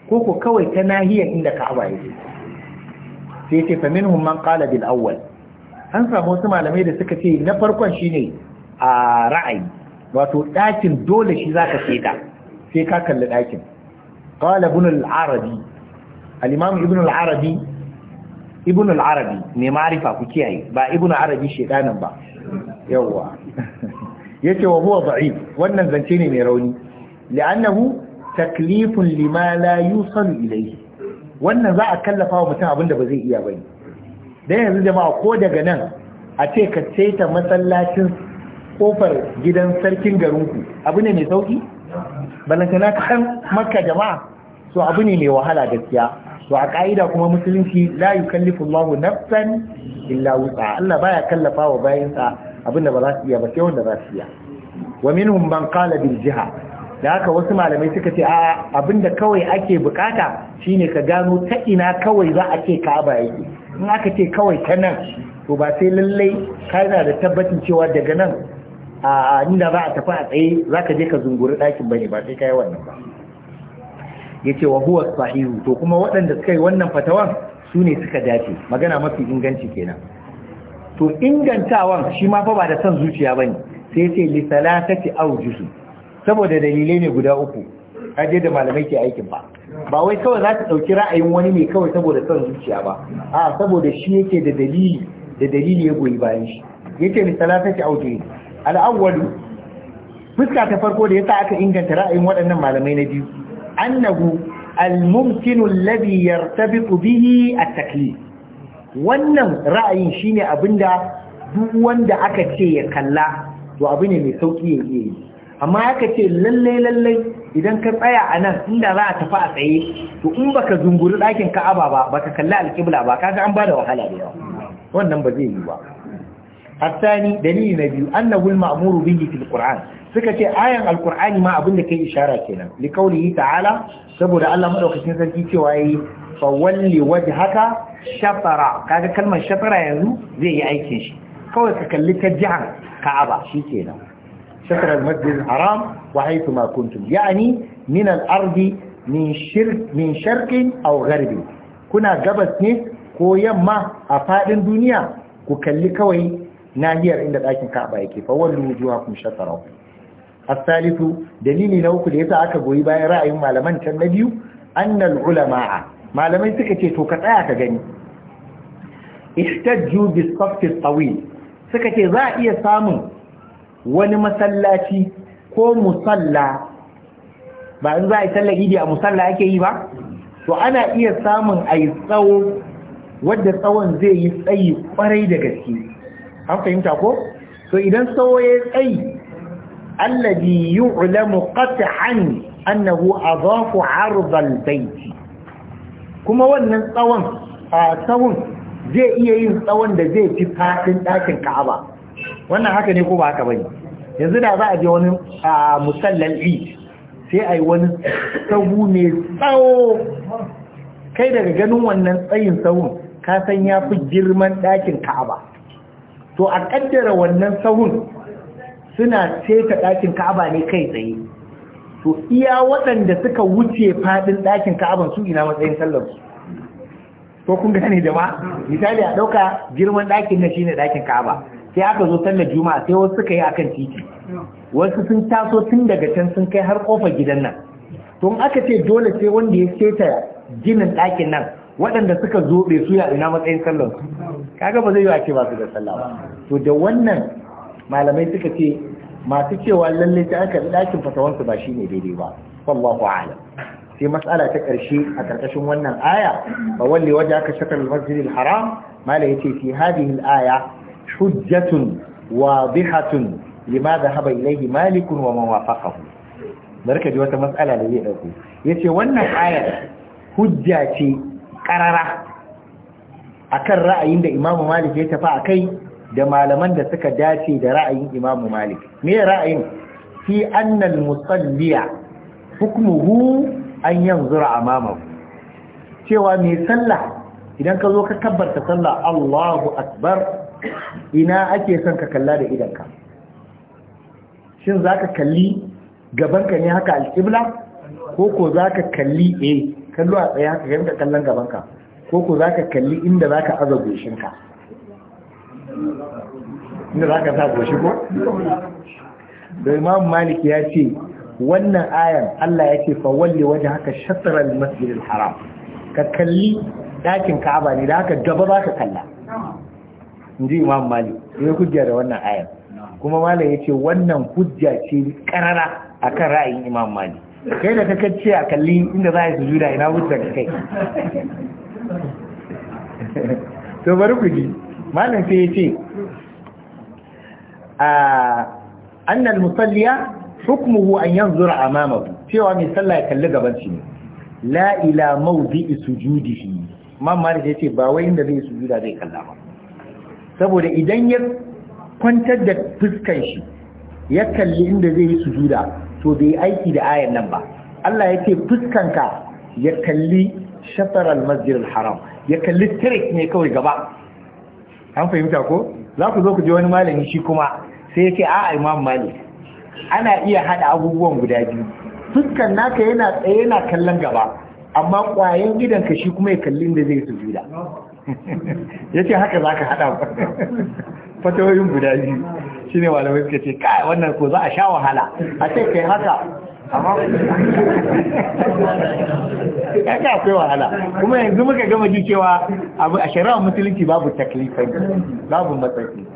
ko ko kawai ta nahiyar inda ka'aba yake sai ce fa minhum man qala bil awwal an samu wasu malamai da suka ce na farkon shine a ra'ayi wato ɗakin dole shi zaka da, sai ka kalli ɗakin qala ibn al-arabi al-imam ibn al-arabi ibn al-arabi ne ma'rifa ku kiyaye ba ibn arabi shedanin ba yawwa yace wa huwa da'if wannan zance ne mai rauni li'annahu taklifun lima la yusalu ilayhi wannan za a kallafa wa mutum abinda ba zai iya bane dan yanzu jama'a ko daga nan a ce ka ceta masallacin kofar gidan sarkin garinku abu ne mai sauki balantana kan makka jama'a so abu ne mai wahala gaskiya to a ka'ida kuma musulunci la yukallifu Allahu nafsan illa wusa Allah baya kallafa wa bayansa abinda ba za su iya ba sai wanda za su iya wa minhum man qala bil jiha da haka wasu malamai suka ce a abinda kawai ake bukata shine ka gano ta ina kawai za a ce ka'aba yake in aka ce kawai ta nan to ba sai lallai ka yana da tabbacin cewa daga nan a inda za a tafi a tsaye za ka je ka zunguri ɗakin bane ba sai ka yi wannan ba ya ce wa huwa sahihu to kuma waɗanda suka yi wannan fatawan su ne suka dace magana mafi inganci kenan to ingantawan shi ma fa ba da son zuciya bane sai ce li salatati aujusu saboda dalilai ne guda uku kaje da malamai ke aikin ba ba wai kawai za ta ɗauki ra'ayin wani ne kawai saboda son zuciya ba a saboda shi yake da dalili da dalili ya goyi bayan shi yake misala ta ce auje al'awwalu fuska ta farko da yasa aka inganta ra'ayin waɗannan malamai na biyu annahu al-mumkinu alladhi yartabitu bihi at-taklif wannan ra'ayin shine abinda duk wanda aka ce ya kalla to abu ne mai sauki ya yi amma aka ce lallai lallai idan ka tsaya a nan inda za a tafi a tsaye to in baka zunguri ɗakin ka'aba ba baka kalli alƙibla ba kaga an bada wahala da yawa wannan ba zai yi ba Hassani dalili na biyu annahu al-ma'muru bihi qur'an suka ce ayan alqur'ani ma abin da kai ishara kenan li qawlihi ta'ala saboda Allah madaukakin sarki cewa yayi fa walli wajhaka shatara kaga kalmar shatara yanzu zai yi aikin shi kawai ka kalli ta jihar ka'aba shikenan شطر المسجد haram وحيث ما كنتم يعني من الأرض من شرق من Kuna gabas ne ko yamma a faɗin duniya ku kalli kawai nahiyar inda ɗakin Ka'aba yake fa wallu wujuhakum shatarahu as-salisu dalili na uku da yasa aka goyi bayan ra'ayin malaman can na biyu annal ulama'a malamai suka ce to ka tsaya ka gani ihtajju bis-saff at-tawil suka ce za a iya samun wani masallaci ko musalla ba in za a yi sallar idi a musalla ake yi ba to ana iya samun a yi tsawo wadda tsawon zai yi tsayi kwarai da gaske an fahimta ko to idan tsawo ya tsayi allazi yu'lamu qat'an annahu adafu 'arda al-bayt kuma wannan tsawon a tsawon zai iya yin tsawon da zai fi fadin ɗakin Ka'aba wannan haka ne ko ba haka bane yanzu da za a je wani a musallal sai ayi wani tsawo ne tsawo kai daga ganin wannan tsayin sahun ka san ya fi girman ɗakin ka'aba to a ƙaddara wannan sahun suna seta ɗakin ka'aba ne kai tsaye to iya waɗanda suka wuce faɗin ɗakin ka'aban su ina matsayin su? ko kun gane da ma misali a ɗauka girman ɗakin na shine ɗakin ka'aba sai aka zo sannan juma'a sai wasu suka yi akan titi wasu sun taso tun daga can sun kai har kofar gidan nan to aka ce dole sai wanda ya seta ginin ɗakin nan waɗanda suka zobe su ya ina matsayin sallar kaga ba zai yi ake ba su da sallah to da wannan malamai suka ce masu cewa lalle ta aka bi ɗakin fatawansu ba shine daidai ba wallahu a'lam sai matsala ta ƙarshe a ƙarƙashin wannan aya ba walle waje aka shakar masjidil haram mala yace fi hadhihi al-aya hujjatun wadihatun lima dhahaba ilayhi malik wa man wafaqahu barka wata matsala da zai dauko yace wannan ayar hujja ce karara akan ra'ayin da Imam Malik ya tafi a kai da malaman da suka dace da ra'ayin Imam Malik me ra'ayin fi anna al-musalliya hukmuhu an yanzura amamahu cewa mai sallah idan ka zo ka kabbarta sallah Allahu akbar ina ake son ka kalla da idanka shin za ka kalli gabanka ne haka alƙibla ko ko za ka kalli a eh, kallo a tsaye haka yanka kallon gabanka ko ko za ka kalli inda za ka aza goshinka inda za ka sa goshi ko? da imam malik ya ce wannan ayan Allah ya ce fa walle waje haka shatarar masjidil haram ka kalli ɗakin ka'aba ne da haka gaba za ka kalla in ji imam malik ya hujja da wannan ayar kuma malam ya ce wannan hujja ce karara akan ra'ayin imam malik kai da ce a kalli inda za a yi juda ina hujja ka kai to bari ku ji malam sai ya ce a annal musalliya hukmuhu an yanzura amamahu cewa mai sallah ya kalli gaban shi ne la ila mawdi'i sujudihi imam malik ya ce ba wai inda zai sujuda zai kalla ba saboda idan ya kwantar da fuskan shi ya kalli inda zai yi sujuda to bai aiki da ayan nan ba Allah ya ce fuskanka ya kalli shatarar masjidil haram ya kalli tirik ne kawai gaba an fahimta ko za ku zo ku je wani malami shi kuma sai yake a imam malik ana iya hada abubuwan guda biyu fuskan naka yana tsaye yana kallon gaba amma kwayan gidanka shi kuma ya kalli inda zai sujuda ya ce haka za ka haɗa fatoyin guda biyu shi ne malamai suka ce kai wannan ko za a sha wahala a ce kai haka amma kaka akwai wahala kuma yanzu muka gama ji cewa abu a shari'ar musulunci babu taklifai babu matsaki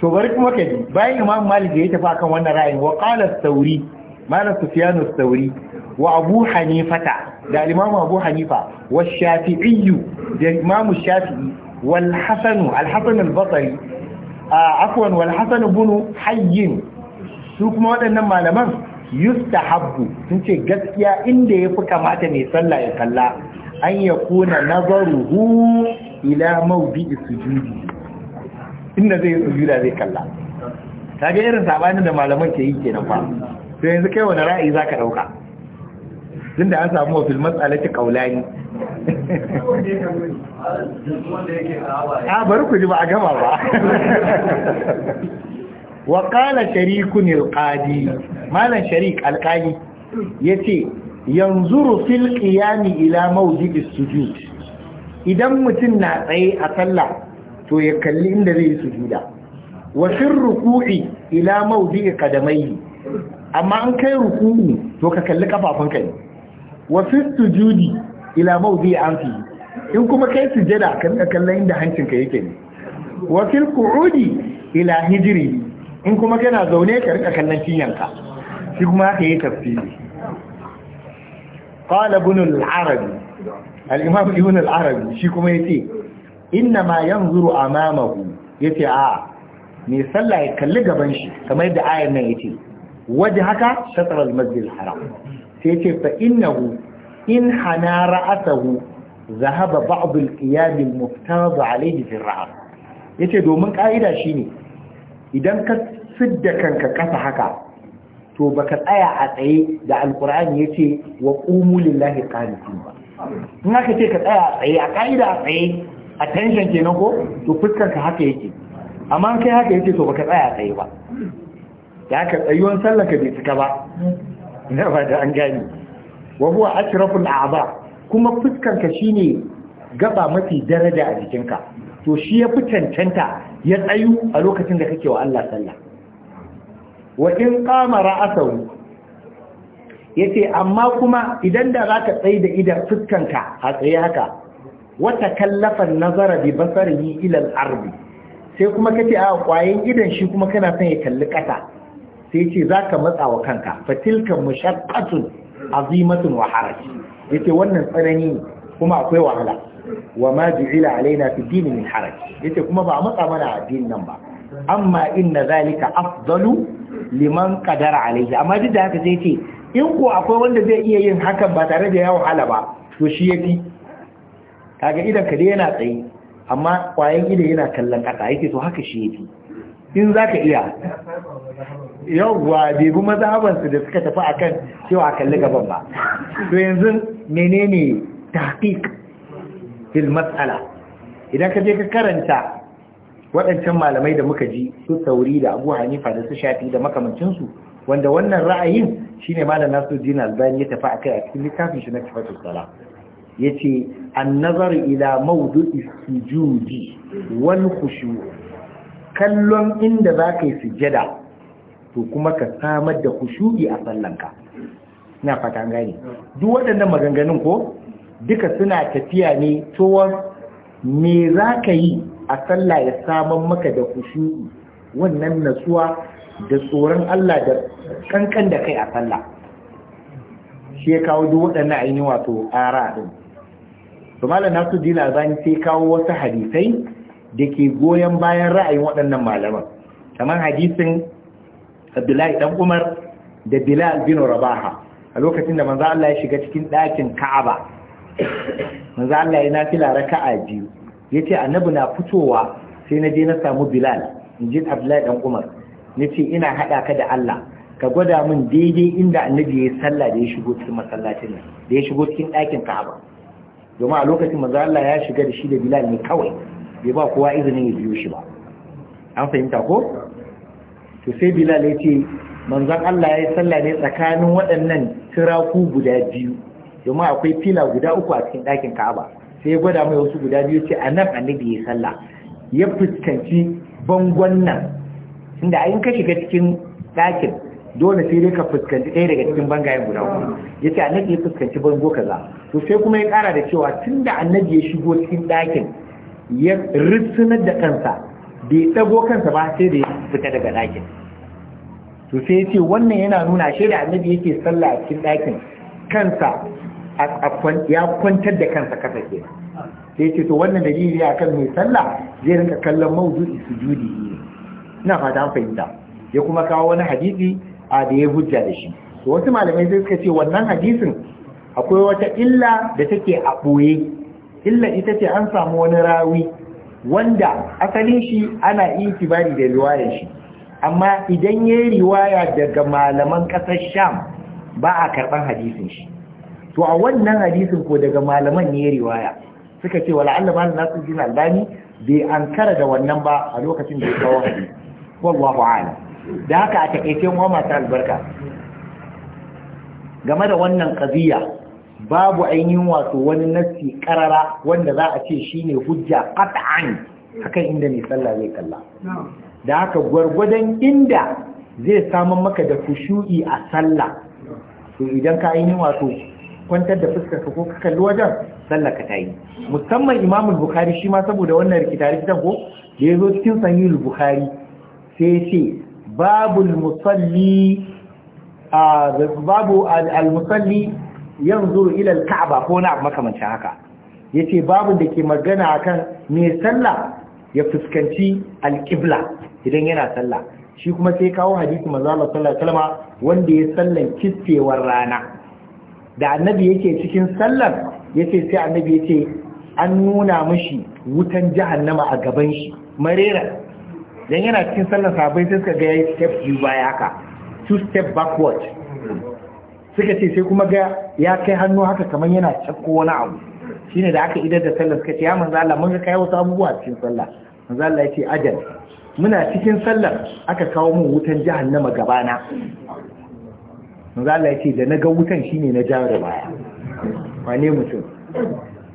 to bari kuma ka ji bayan imam malik ya tafi akan wannan ra'ayin wa qala sauri malam sufyanu sauri wa abu hanifata da imamu abu hanifa wa shafi'i da imamu shafi'i wal hasanu al hasan al basri afwan hayyin su kuma waɗannan malaman yustahabbu sun ce gaskiya inda yafi kamata ne sallah ya kalla an yakuna nazaruhu ila mawdi'i sujudi inda zai sujuda zai kalla ta ga irin sabanin da malaman ke yi kenan fa to yanzu kai wani ra'ayi za ka ɗauka? da an samu wa filmas alati kaulani a ah, bari ku ji ba a gama ba wa kala sharikun alqadi malan sharik ya yace yanzu rufin qiyami ila mawjidis sujud idan mutum na tsaye a sallah to ya kalli inda zai yi sujuda wa ruku'i ila mawjidi qadamaihi amma an kai ruku'u to ka kalli kafafunka ne wa fi sujudi ila mawdi anfi in kuma kai sujada kan kallon inda hancinka yake ne wa fil qu'udi ila hijri in kuma kana zaune ka rika kallon ka. shi kuma haka yi tafsiri qala ibn al-arabi al-imam ibn al-arabi shi kuma yace inna ma yanzuru amamahu yace a me sallah ya kalli gaban shi kamar da ayar nan yace waje haka shatar al-masjid al-haram sai ce fa innahu in hana ra'asahu zahaba ba'd al-qiyam al-muftaz alayhi fi ra's yace domin ka'ida shine idan ka sidda kanka kasa haka to baka tsaya a tsaye da alqur'ani yace wa qumu lillahi qanitin ba in aka ce ka tsaya a tsaye a ka'ida a tsaye a tension kenan ko to fuskarka ka haka yake amma kai haka yake to baka tsaya a tsaye ba ya ka tsayuwan sallar ka bai cika ba na ba da an gani wa huwa ashraful kuma fuskanka shine gaba mafi daraja a jikinka to shi ya fi cancanta ya tsayu a lokacin da kake wa Allah sallah wa in qama ra'asahu yace amma kuma idan da zaka tsayi da idan fuskanka a tsaye haka wata kallafan nazara bi basarihi ila al-ardi sai kuma kace a kwayen idan shi kuma kana son ya kalli kasa sai ce za ka matsa wa kanka fatilka mushaqqatun azimatun wa Ya ce wannan tsanani kuma akwai wahala wa ma ju'ila alaina fi dini min Ya yace kuma ba a matsa mana addinin nan ba amma inna zalika afdalu liman qadara alaihi amma duk da haka sai ce in ko akwai wanda zai iya yin hakan ba tare da ya wahala ba to shi fi? kaga idan ka yana tsaye amma kwayan ido yana kallon kasa yake to haka shi fi. in zaka iya yau bai bi mazhabansu da suka tafi akan cewa kalli gaban ba to yanzu menene tahqiq fil mas'ala idan ka je ka karanta waɗancan malamai da muka ji su sauri da Abu Hanifa da su Shafi da makamancinsu wanda wannan ra'ayin shine malam Nasiruddin Albani ya tafi akai a cikin littafin shi na Kifatul Ya yace an-nazar ila mawdu'i sujudi wal khushu' kallon inda ka yi sujada to kuma ka samar da kushu'i a sallanka na fata gani duk waɗannan maganganun ko duka suna tafiya ne towar me za ka yi a sallah ya samar maka da kushu'i wannan natsuwa da tsoron Allah da kankan da kai a sallah shi ya kawo duk waɗannan ainihin wato ara ɗin to malam nasu dina zani sai kawo wasu hadisai da ke goyon bayan ra'ayin waɗannan malaman kamar hadisin abdullahi dan umar da bilal bin rabaha a lokacin da manzo Allah ya shiga cikin ɗakin ka'aba manzo Allah ya nafila raka'a biyu yace annabi na fitowa sai na je na samu bilal in ji abdullahi dan umar nace ina hada ka da Allah ka gwada min daidai inda annabi ya sallah da ya shigo cikin masallacin nan da ya shigo cikin ɗakin ka'aba domin a lokacin manzo Allah ya shiga da shi da bilal ne kawai bai ba kowa izinin ya biyo shi ba an fahimta ko to sai bilal ya ce manzon Allah ya yi sallah ne tsakanin waɗannan turaku guda biyu domin akwai fila guda uku a cikin ɗakin Ka'aba sai ya gwada mai wasu guda biyu ce anan annabi ya sallah ya fuskanci bangon nan inda in ka shiga cikin ɗakin dole sai dai ka fuskanci ɗaya daga cikin bangayen guda uku ya ce annabi ya fuskanci bango kaza to sai kuma ya kara da cewa tunda annabi ya shigo cikin ɗakin ya ritsunar da kansa bai ɗago kansa ba sai da ya fita daga ɗakin to sai ya ce wannan yana nuna shi da annabi yake sallah a cikin ɗakin kansa ya kwantar da kansa kasa ke sai ya ce to wannan dalili a akan mai sallah zai rinka kallon su sujudi ne ina fata an fahimta ya kuma kawo wani hadisi a da ya hujja da shi to wasu malamai sai suka ce wannan hadisin akwai wata illa da take a ɓoye illa ita ce an samu wani rawi wanda asalin shi ana itibari da riwayar shi amma idan ya yi riwaya daga malaman ƙasar sham ba a karɓar hadisin shi to a wannan hadisin ko daga malaman ne ya riwaya suka ce wala Allah malam sun jina albani bai ankara da wannan ba a lokacin da ya kawo hadisi wallahu a'lam da haka a takaice mu masu albarka game da wannan qadiya babu ainihin wato wani nassi karara wanda za a ce shine hujja qat'an hakan inda mai sallah zai kalla da haka gwargwadon inda zai samun maka da kushu'i a sallah to idan ka ainihin wato kwantar da fuskar ka ko ka kalli wajen sallah ka tayi musamman imamul bukhari shi ma saboda wannan rikita rikitan ko da ya zo cikin bukhari sai ce babul musalli babu al-musalli yanzu ila kaaba ko na makamancin haka yace babu da ke magana akan me sallah ya fuskanci al-qibla idan yana sallah shi kuma sai kawo hadisi manzo Allah sallallahu alaihi wasallam wanda ya sallan kiffewar rana da annabi yake cikin sallar yace sai annabi yace an nuna mishi wutan jahannama a gaban shi marera dan yana cikin sallar sabai sai suka ga yayi step biyu baya haka two step backward suka ce sai kuma ga ya kai hannu haka kamar yana cakko wani abu shine da aka idar da sallah suka ce ya manzo Allah mun ga kai wasu abubuwa cikin sallah manzo Allah ya ce ajal muna cikin sallar aka kawo mu wutan jahannama gabana manzo Allah ya ce da na ga wutan shine na jawo da baya wane mutum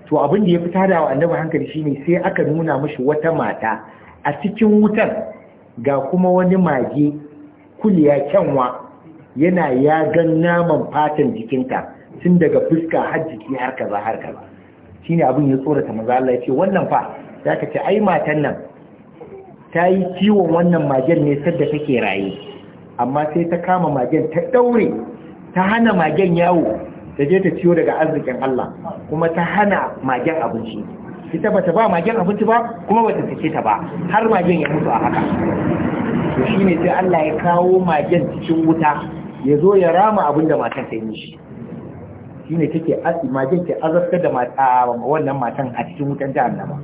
to abin da ya fita da wa annabi hankali shine sai aka nuna mishi wata mata a cikin wutan ga kuma wani mage kuliya kyanwa yana ya gan naman fatan jikinta, tun daga fuska har jiki har kaza har kaza shine abin ya tsorata maza Allah ya wannan fa ka ce ai matan nan ta yi ciwon wannan magen ne sadda take raye amma sai ta kama magen ta daure ta hana magen yawo ta je ta ciwo daga arzikin Allah kuma ta hana magen abinci ita bata ba magen abinci ba kuma bata sake ta ba har magen ya mutu a haka to shine sai Allah ya kawo magen cikin wuta ya zo ya rama abin da matan ta yi mishi shine take majin ke azabtar da wannan matan a cikin wutan jahannama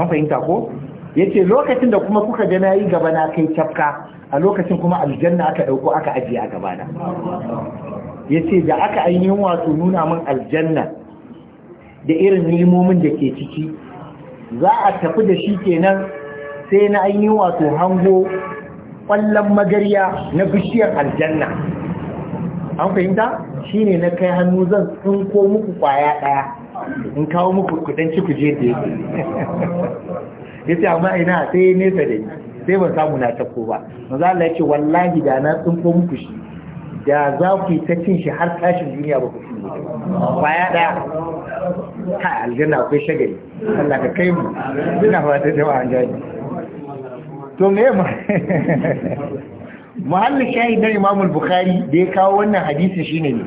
an fahimta ko yace lokacin da kuma kuka ga nayi gaba na kai tafka a lokacin kuma aljanna aka ɗauko aka ajiye a gaba na yace da aka ainihin wato nuna min aljanna da irin nilmomin da ke ciki za a tafi da shi kenan sai na ainihin wato hango ƙwallon magariya na bishiyar aljanna an fahimta shi ne na kai hannu zan tsinko muku kwaya ɗaya in kawo muku kudin ciku je da ya ce amma ina sai nesa da sai ban samu na tafko ba maza Allah ya ce wallahi da na tsinko muku shi da za ku yi ta cin shi har tashin duniya ba ku fi Kwaya aljanna akwai shagali Allah ka kai mu ina fata jama'an jaji to me ma muhallin shayi na imamul bukhari da ya kawo wannan hadisi shine ne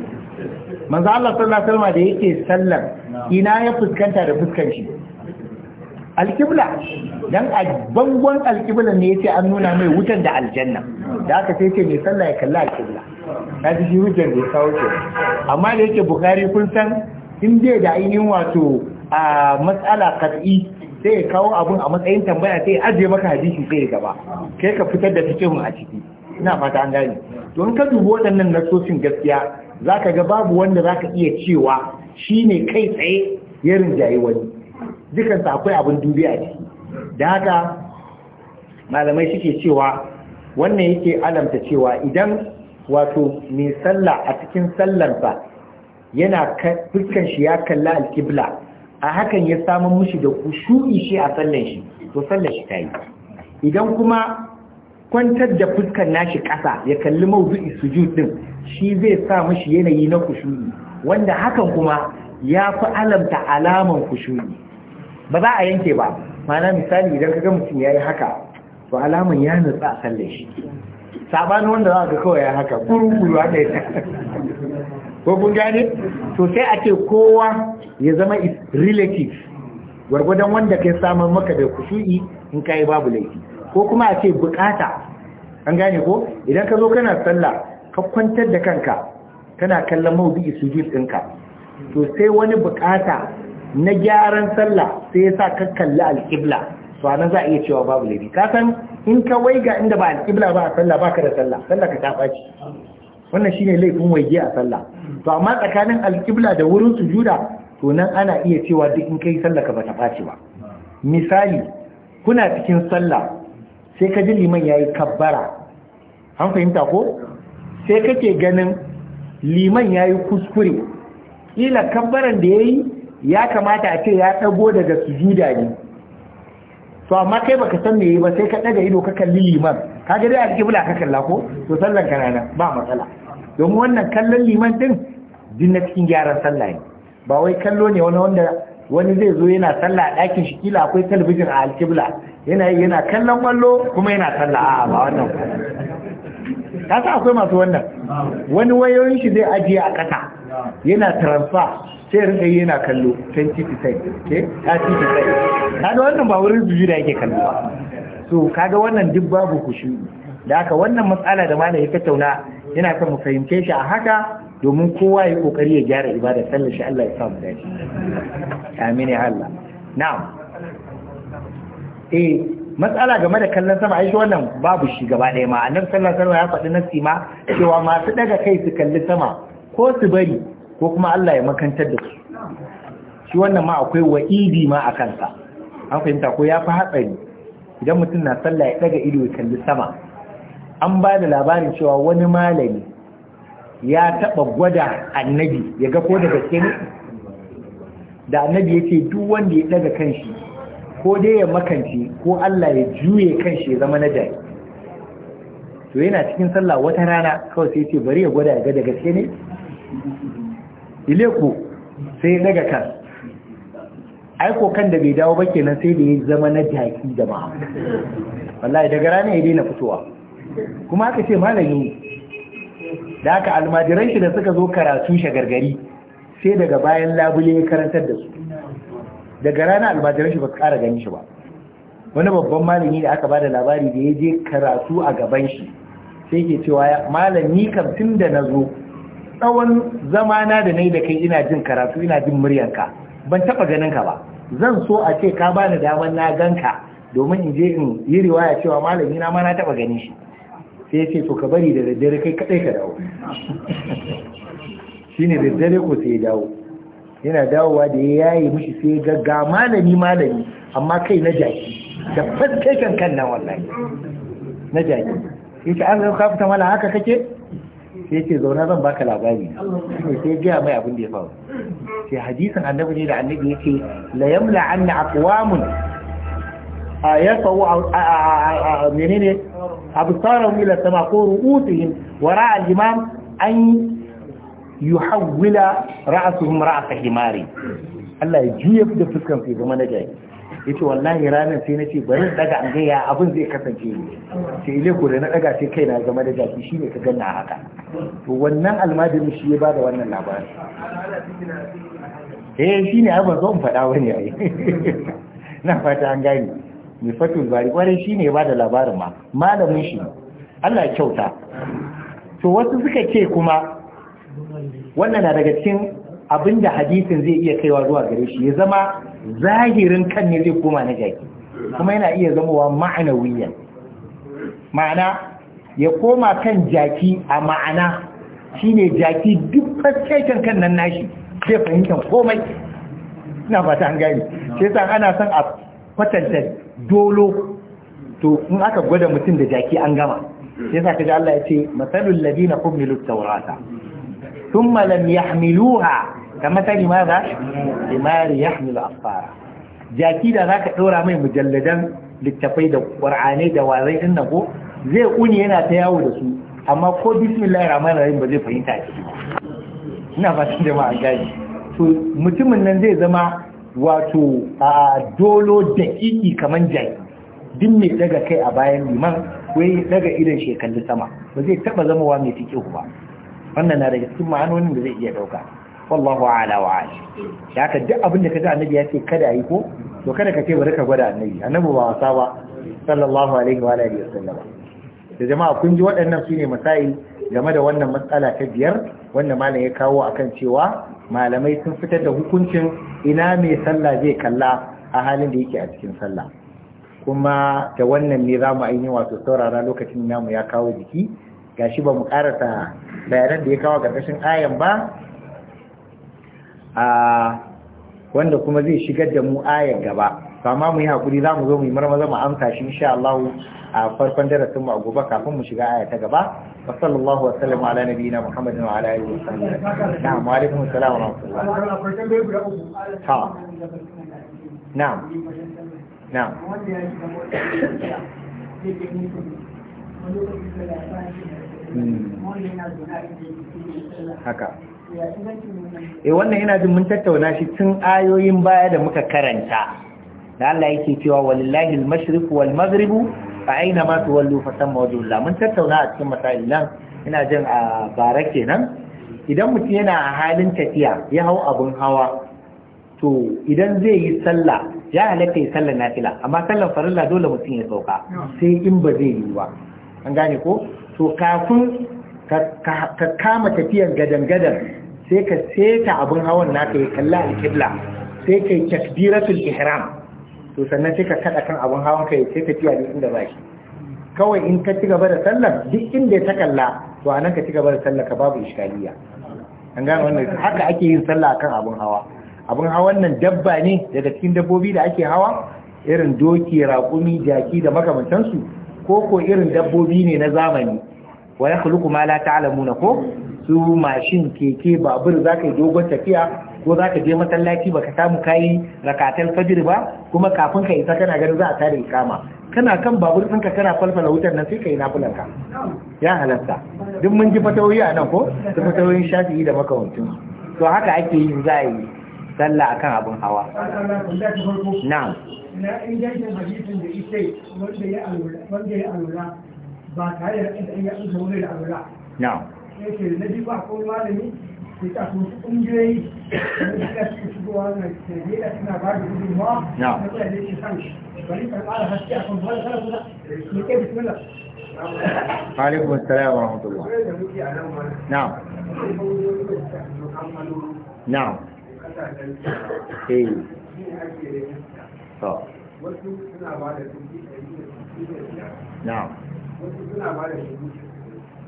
manzo Allah sallallahu alaihi wasallam da yake sallar ina ya fuskanta da fuskan shi alkibla dan a bangon alkibla ne yace an nuna mai wutar da aljanna da aka sai ce mai sallah ya kalla alkibla na ji shi wutar da ya kawo ke amma da yake bukhari kun san in da ainihin wato a matsala kar'i sai ya kawo abun a matsayin tambaya sai ajiye maka hadisi sai ya gaba kai ka fitar da fikihun a ciki ina fata an gane to ka dubi waɗannan nasosin gaskiya za ka ga babu wanda za ka iya cewa shi ne kai tsaye ya rinjaye wani dukan sa akwai abun dubi a ciki da haka malamai suke cewa wannan yake alamta cewa idan wato mai sallah a cikin sallarsa yana fuskan shi ya kalla alkibla a hakan ya samun mushi da kushu'i shi a sallan shi to sallan shi ta yi idan kuma kwantar da fuskan nashi ƙasa ya kalli mawdu'i sujud din shi zai sa mushi yanayi na kushu'i wanda hakan kuma ya fi alamta alaman kushu'i ba za a yanke ba mana misali idan ka ga mutum ya yi haka to alaman ya nutsa a sallan shi sabanin wanda za ka kawai ya haka kuru kuru haka ya ko kun gane to sai a ce kowa ya zama is relative gwargwadon wanda kai samun maka da kushu'i in ka yi babu laifi ko kuma a ce bukata an gane ko idan ka zo kana sallah ka kwantar da kanka kana kallon maudu'i sujud ɗinka to sai wani bukata na gyaran sallah sai ya sa ka kalli alƙibla Su anan za a iya cewa babu laifi ka san in ka ga inda ba alƙibla ba a sallah ka da sallah sallah ka tafa ce. wannan shi ne laifin waige a sallah to amma tsakanin alƙibla da wurin sujuda to nan ana iya cewa duk in kai sallah ka bata ɓaci ba misali kuna cikin sallah sai ka ji liman yayi kabbara an fahimta ko sai kake ganin liman yayi kuskure kila kabbaran da yayi ya kamata a ce ya dago daga sujuda ne to amma kai baka san me yayi ba sai ka ɗaga ido ka kalli liman ka ga dai a kibla ka kalla ko to sallan ka ba matsala Don wannan kallon liman din din cikin gyaran sallah ne ba wai kallo ne wani wanda wani zai zo yana sallah a ɗakin shi kila akwai talabijin a alkibla yana yana kallon kwallo kuma yana sallah a ba wannan ka sa akwai masu wannan wani wayoyin shi zai ajiye a ƙasa yana taramfa sai rinka yi yana kallo 20% ke da wannan ba wurin da yake kallo ba so kaga wannan duk babu kushi da aka wannan matsala da malai ya tattauna yana kan mu fahimce shi a haka domin kowa ya kokari ya gyara ibada sannan shi Allah ya sa mu dace amin ya Allah na'am eh matsala game da kallon sama ai wannan babu shi gaba ɗaya ma annabi sallallahu alaihi wasallam ya faɗi nasi ma cewa masu daga kai su kalli sama ko su bari ko kuma Allah ya makantar da su shi wannan ma akwai wa'idi ma a kansa an fahimta ko ya fi hatsari idan mutum na sallah ya daga ido ya kalli sama an ba da labarin cewa wani malami ya taɓa gwada annabi ya ga ko da gaske ne da annabi ya ce duk wanda ya daga kanshi ko dai ya makance ko Allah ya juye kanshi ya zama na jari to yana cikin sallah wata rana kawai sai ce bari ya gwada ya ga da gaske ne ile sai ya daga kan aiko kan da bai dawo ba kenan sai da ya zama na jaki da ma'a wallahi daga rana ya daina fitowa kuma aka ce malami da haka almajiran shi da suka zo karatu shagargari sai daga bayan labule ya karantar da su daga rana almajiran shi ba su kara gani shi ba wani babban malami da aka bada labari da ya je karatu a gaban shi sai ke cewa malami kam tun da na zo tsawon zamana da na yi da kai ina jin karatu ina jin muryanka ban taɓa ganin ka ba zan so a ce ka bani daman na ganka domin in je in yi riwaya cewa malami na ma na taɓa ganin shi sai ya ce to ka bari da daddare kai kadai ka dawo shine daddare ko sai ya dawo yana dawowa da ya yaye mishi sai ga ga malami malami amma kai na jaki da faskaken kan nan wallahi na jaki sai ce an zai kafa ta mala haka kake sai ce zauna zan baka labari shine sai gaya mai abin da ya faru sai hadisin annabi ne da annabi yake la yamla anna aqwamun menene يرفعوا منين أبصارهم wa السماء al-imam an yuhawwila ra'suhum رأسهم himari allah ya يجيب da fuskan sai zama na jayi yace wallahi ranar sai nace bari daga an gaya abin zai kasance ne sai ile ko da na daga sai kai na zama da jaki shine ka ganna haka to wannan almajiri shi ya bada wannan labarin eh shine abin zo in fada wani yayi na fata an gane mai fatul bari kwarai shi ne ba da labarin ma malamin shi Allah kyauta to wasu suka ce kuma wannan na daga cikin abin da hadisin zai iya kaiwa zuwa gare shi ya zama zahirin kan ne zai koma na jaki kuma yana iya zamowa ma'anawiyan ma'ana ya koma kan jaki a ma'ana shine jaki duk fasken kan nan nashi zai fahimtar komai ina fata an gani sai san ana son a kwatanta dolo to in aka gwada mutum da jaki an gama ka kaji Allah ya ce masalul ladina kumilu tawrata thumma lam yahmiluha kama tani ma za imar yahmilu afara jaki da zaka ɗora mai mujalladan littafai da qur'ani da wazai din nan ko zai kuni yana ta yawo da su amma ko bismillahir rahmanir rahim ba zai fahimta shi ina fatan jama'a gani to mutumin nan zai zama wato a dolo daƙiƙi kamar jai, din mai daga kai a bayan liman ko daga idan shekalli sama ba zai taba zama wa mai fikihu ba wannan na daga cikin ma'anonin da zai iya dauka wallahu a'la wa a'la da haka duk abin da ji annabi ya ce kada yi ko to kada ka ce bari ka gwada annabi annabi ba wasa ba sallallahu alaihi wa alihi wasallam da jama'a kun ji waɗannan su ne masail game da wannan matsala ta biyar wanda malam ya kawo akan cewa malamai sun fitar da hukuncin ina mai sallah zai kalla a halin da yake a cikin sallah kuma da wannan ne za mu ainihin wato saurara lokacin namu ya kawo jiki gashi ba mu karata bayanan da ya kawo karkashin ayan ba a wanda kuma zai shigar da mu ayan gaba amma mu yi hakuri za mu zo mu yi marmaza mu amsa shi insha Allah a farkon darasin mu a gobe kafin mu shiga aya ta gaba wa sallallahu wa ala nabiyina muhammadin wa ala alihi wa sahbihi na'am wa alaikum assalam wa rahmatullah ta na'am na'am hmm. haka eh wannan ina jin mun tattauna shi tun ayoyin baya da muka karanta da Allah yake cewa walillahi al-mashriq wal maghrib fa aina ma tuwallu fa thamma wajhullah mun tattauna a cikin masail nan ina jin a bara kenan idan mutum yana a halin tafiya ya hau abun hawa to idan zai yi sallah ya halatta yi sallar nafila amma sallar farilla dole mutum ya sauka sai in ba zai yi ba an gane ko to kafin ka kama tafiyar gadan-gadan sai ka seta abin hawan naka ya kalla al-qibla sai ka yi takbiratul ihram to sannan sai ka kada kan abun hawan kai sai tafiya duk inda ba kawai in ka ci gaba da sallar duk inda ya takalla to a nan ka ci gaba da sallar ka babu iskaliya an gane wannan haka ake yin sallah akan abun hawa abun hawan nan dabba ne daga cikin dabbobi da ake hawa irin doki raƙumi jaki da makamantansu ko ko irin dabbobi ne na zamani wa yakhluqu ma la ta'lamuna ko su mashin keke babur zaka yi dogon tafiya ko za ka je masallaci baka samu kayi rakatar fajr ba kuma kafin ka isa kana gani za a tare ikama kana kan babur ɗinka kana falfala wutar nan sai ka yi nafular ka ya halatta duk mun ji fatawoyi a nan ko da fatawoyin shafi'i da makawancin to haka ake yin za a yi sallah akan abin hawa na'am na ingancin hadisin da ita wanda ya alwala ba tare da ya alwala na'am yake na ji ba ko malami ke tafi wasu ƙungiyoyi da suka suke shigowa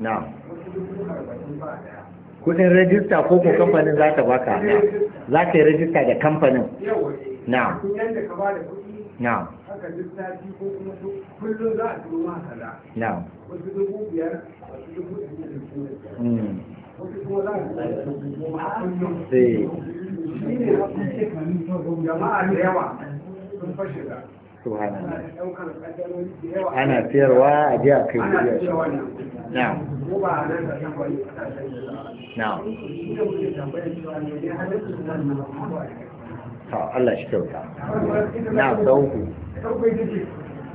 na Najeriya na kudin rajista ko ko kamfanin za ta baka za ta yi rajista da kamfanin na na na da yawa subhanallah ana siyarwa a ji a kai biya na na Allah shi kyauta na sauku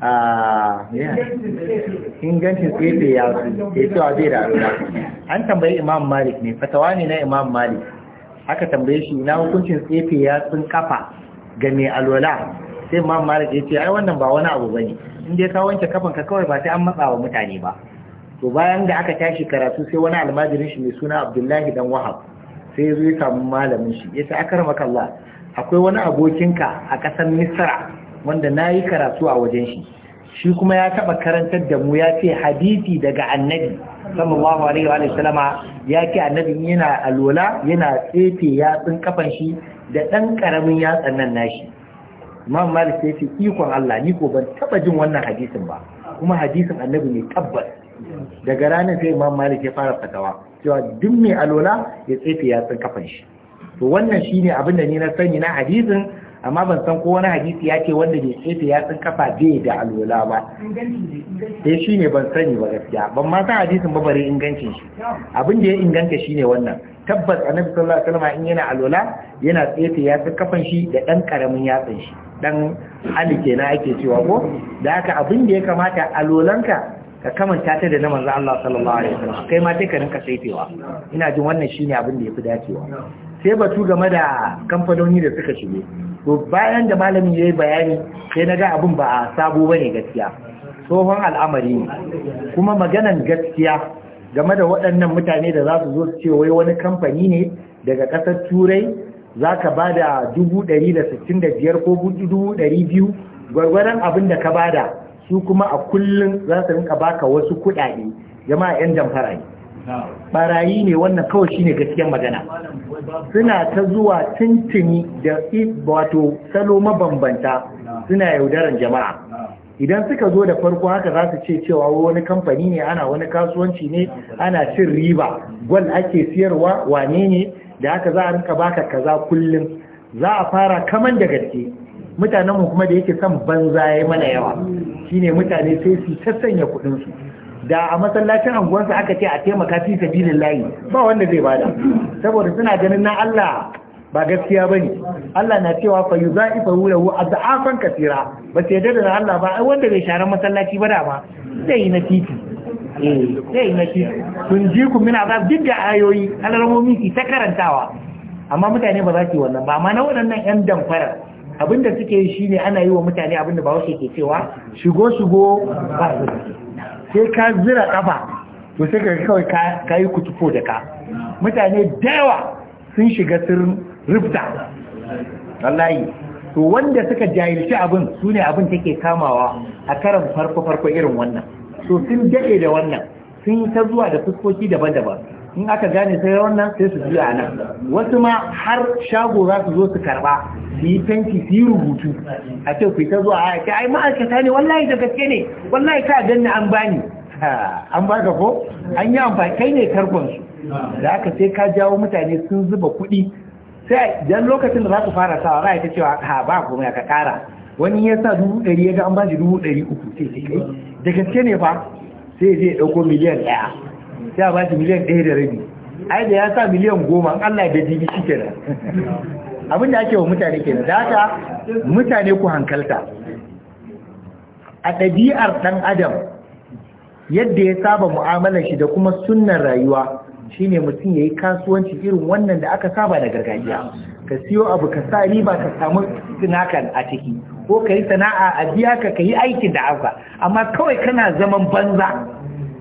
Ah, ingancin tsefe ya su ke cewa zai da an tambayi imam malik ne fatawa ne na imam malik aka tambaye shi na hukuncin tsefe ya sun kafa ga mai alwala sai imam malik ya ce ai wannan ba wani abu bane in dai ka wanke kafan ka kawai ba sai an matsa wa mutane ba to bayan da aka tashi karatu sai wani almajirin shi mai suna abdullahi dan wahab sai zo ya samu malamin shi ya ce akar maka Allah akwai wani abokinka a ƙasar misra wanda na yi karatu a wajen shi shi kuma ya taɓa karantar da mu ya ce hadisi daga annabi sallallahu alaihi wa sallama ya ce annabi yana alwala yana tsefe tsin kafan shi da ɗan ƙaramin yatsan nan nashi imam malik ya ce ikon allah ni ko ban taɓa jin wannan hadisin ba kuma hadisin annabi ne tabbas daga ranar sai imam malik ya fara fatawa cewa duk mai alwala ya tsefe yatsun kafan shi to wannan shine abin da ni na sani na hadisin amma ban san ko wani hadisi ya ce wanda bai tsefe ya tsin kafa bai da alwala ba sai eh, shi ne ban sani ba gaskiya ban ma san hadisin ba bare ingancin shi abin da ya inganta shine wannan tabbas annabi sallallahu alaihi wasallam in yana alwala yana tsefe ya tsin kafan shi da dan karamin yatsin shi dan ali kenan ake cewa ko da haka abin da ya kamata alwalanka ka kamanta ta da na manzo Allah sallallahu alaihi wasallam kai ma sai ka rinka saifewa ina jin wannan shine abin da yafi dacewa sai batu game da kamfanoni da suka shige to bayan da malamin ya yi bayani sai na ga abin ba a sabo ba ne gaskiya tsohon al'amari ne kuma maganan gaskiya game da waɗannan mutane da za su zo su ce wai wani kamfani ne daga ƙasar turai za ka ba da dubu ɗari da da sittin biyar ko dubu biyu, gwargwaron abin da ka ba da su kuma a kullum za su rinka baka wasu kuɗaɗe jama'a 'yan jamfara ne barayi ne wannan kawai shine gaskiyar magana suna ta zuwa Tintini da wato salo mabambanta suna yaudaran jama'a idan suka zo da farko haka za su ce cewa wani kamfani ne ana wani kasuwanci ne ana cin riba gwal ake siyarwa wane ne da haka za a rinka baka kaza kullum za a fara kaman da gaske mutanenmu kuma da yake son banza ya mana yawa shine mutane sai su ta sanya kuɗinsu da a masallacin anguwansa aka ce a taimaka fi sabilin layi ba wanda zai bada saboda suna ganin na Allah ba gaskiya ba ne Allah na cewa fa yi za'i fa wula wu a za'afan kasira ba sai da da Allah ba Ai wanda bai share masallaci ba da ba zai yi na titi eh, zai yi na titi sun ji ku mina za duk da ayoyi alarmomi su ta karantawa amma mutane ba za su yi wannan ba amma na waɗannan 'yan damfarar abinda suke yi shine ana yi wa mutane abinda ba wasu ke cewa shigo shigo ba su sai ka zira ƙafa, to sai ka kawai ka yi kutufo da ka mutane da yawa sun shiga sirrin rifta wallahi to wanda suka jahilci abin sune ne abin take kamawa a karan farko farko irin wannan to sun dade da wannan sun yi ta zuwa da fuskoki daban-daban in aka gane sai wannan sai su biya nan wasu ma har shago za su zo su karba su yi fenti su yi rubutu a ce ku ta zuwa a ai ma'aikata ne wallahi da gaske ne wallahi ka ganni an bani an ba ka ko an yi amfani kai ne tarkon su da aka sai ka jawo mutane sun zuba kuɗi sai dan lokacin da za ku fara sawa za ta cewa ha ba kuma ka kara wani ya sa dubu ɗari ya ga an ba shi dubu ɗari uku sai kai da gaske ne fa sai zai ɗauko miliyan ɗaya ya ba shi miliyan ɗaya da rabi ai da ya sa miliyan goma an Allah da jibi shi kenan abin da ake wa mutane kenan da haka mutane ku hankalta a ɗabi'ar ɗan adam yadda ya saba mu'amalar shi da kuma sunnan rayuwa shine mutum ya yi kasuwanci irin wannan da aka saba da gargajiya ka siyo abu ka sa riba ka samu sinakan a ciki ko ka yi sana'a a biya ka ka yi aikin da aka amma kawai kana zaman banza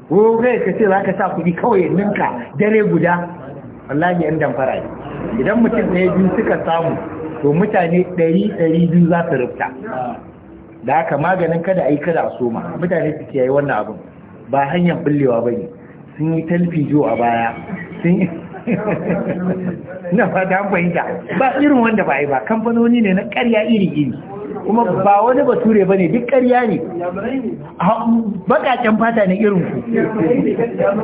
ko kai ka ce za ka sa kuɗi kawai ninka dare guda wallahi yan damfara ne idan mutum ɗaya biyu suka samu to mutane ɗari ɗari biyu za su rufta da haka maganin kada a yi kada a soma mutane su yi wannan abin ba hanyar bullewa ba ne sun yi talfijo a baya na fata an fahimta ba irin wanda ba yi ba kamfanoni ne na karya iri-iri kuma ba wani bature ba ne duk karya ne bakaken fata ne irin ku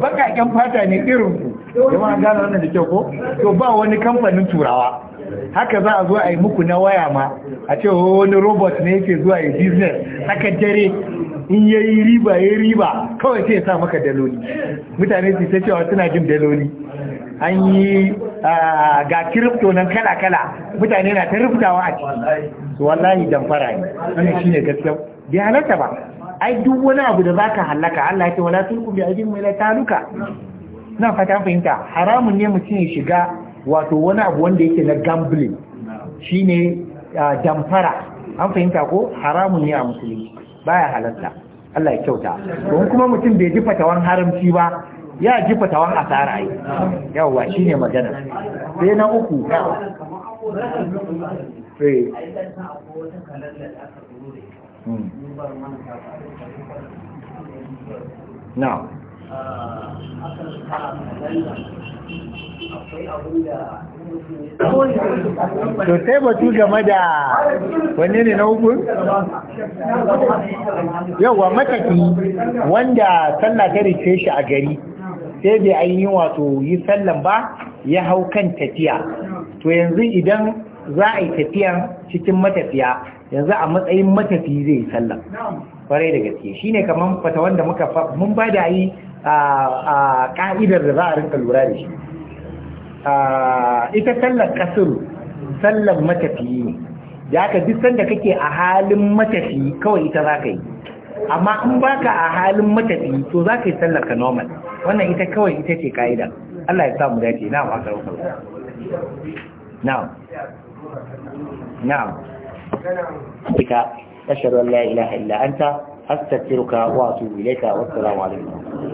bakaken fata ne irin ku yawan an gano wannan da kyau ko to ba wani kamfanin turawa haka za a zo a yi muku na waya ma a ce wani robot ne yake zuwa yi business dare. in ya yi riba ya riba kawai sai ya sa maka daloli mutane su sai cewa suna jin daloli an yi ga kirifto nan kala-kala mutane na ta rubutawa a ciki wallahi damfara ne shi ne gaskiya bi halatta ba ai duk wani abu da zaka halaka Allah ya ce wala tulku bi ajin mai taluka na fata fahimta haramun ne mutum ya shiga wato wani abu wanda yake na gambling shine damfara an fahimta ko haramun ne a musulmi baya halatta Allah ya kyauta don kuma mutum bai ji fatawan haramci ba ya ji fatawan asara yi yawwa ne magana sai na uku eh. hmm. na to sai batu game da wanne ne na hukun? yauwa matafi wanda sallah ta rice shi a gari sai bai ainihin wato yi sallan ba ya hau kan tafiya to yanzu idan za a yi tafiyan cikin matafiya yanzu a matsayin matafi zai yi sallan kwarai da gaske shine kamar fata wanda muka mun ba da yi a ka'idar da za a rinka lura da shi ita sallar ƙasar sallar matafiye ne ya ka ji sanda kake a halin matafi kawai ita za ka yi amma in ka a halin matafi to za ka yi sallar ka normal wannan ita kawai ita ce ka'ida Allah ya samu dace na ma ka Na na'am na'am bika ashhadu an la ilaha illa anta astaghfiruka wa atubu ilayka wasu assalamu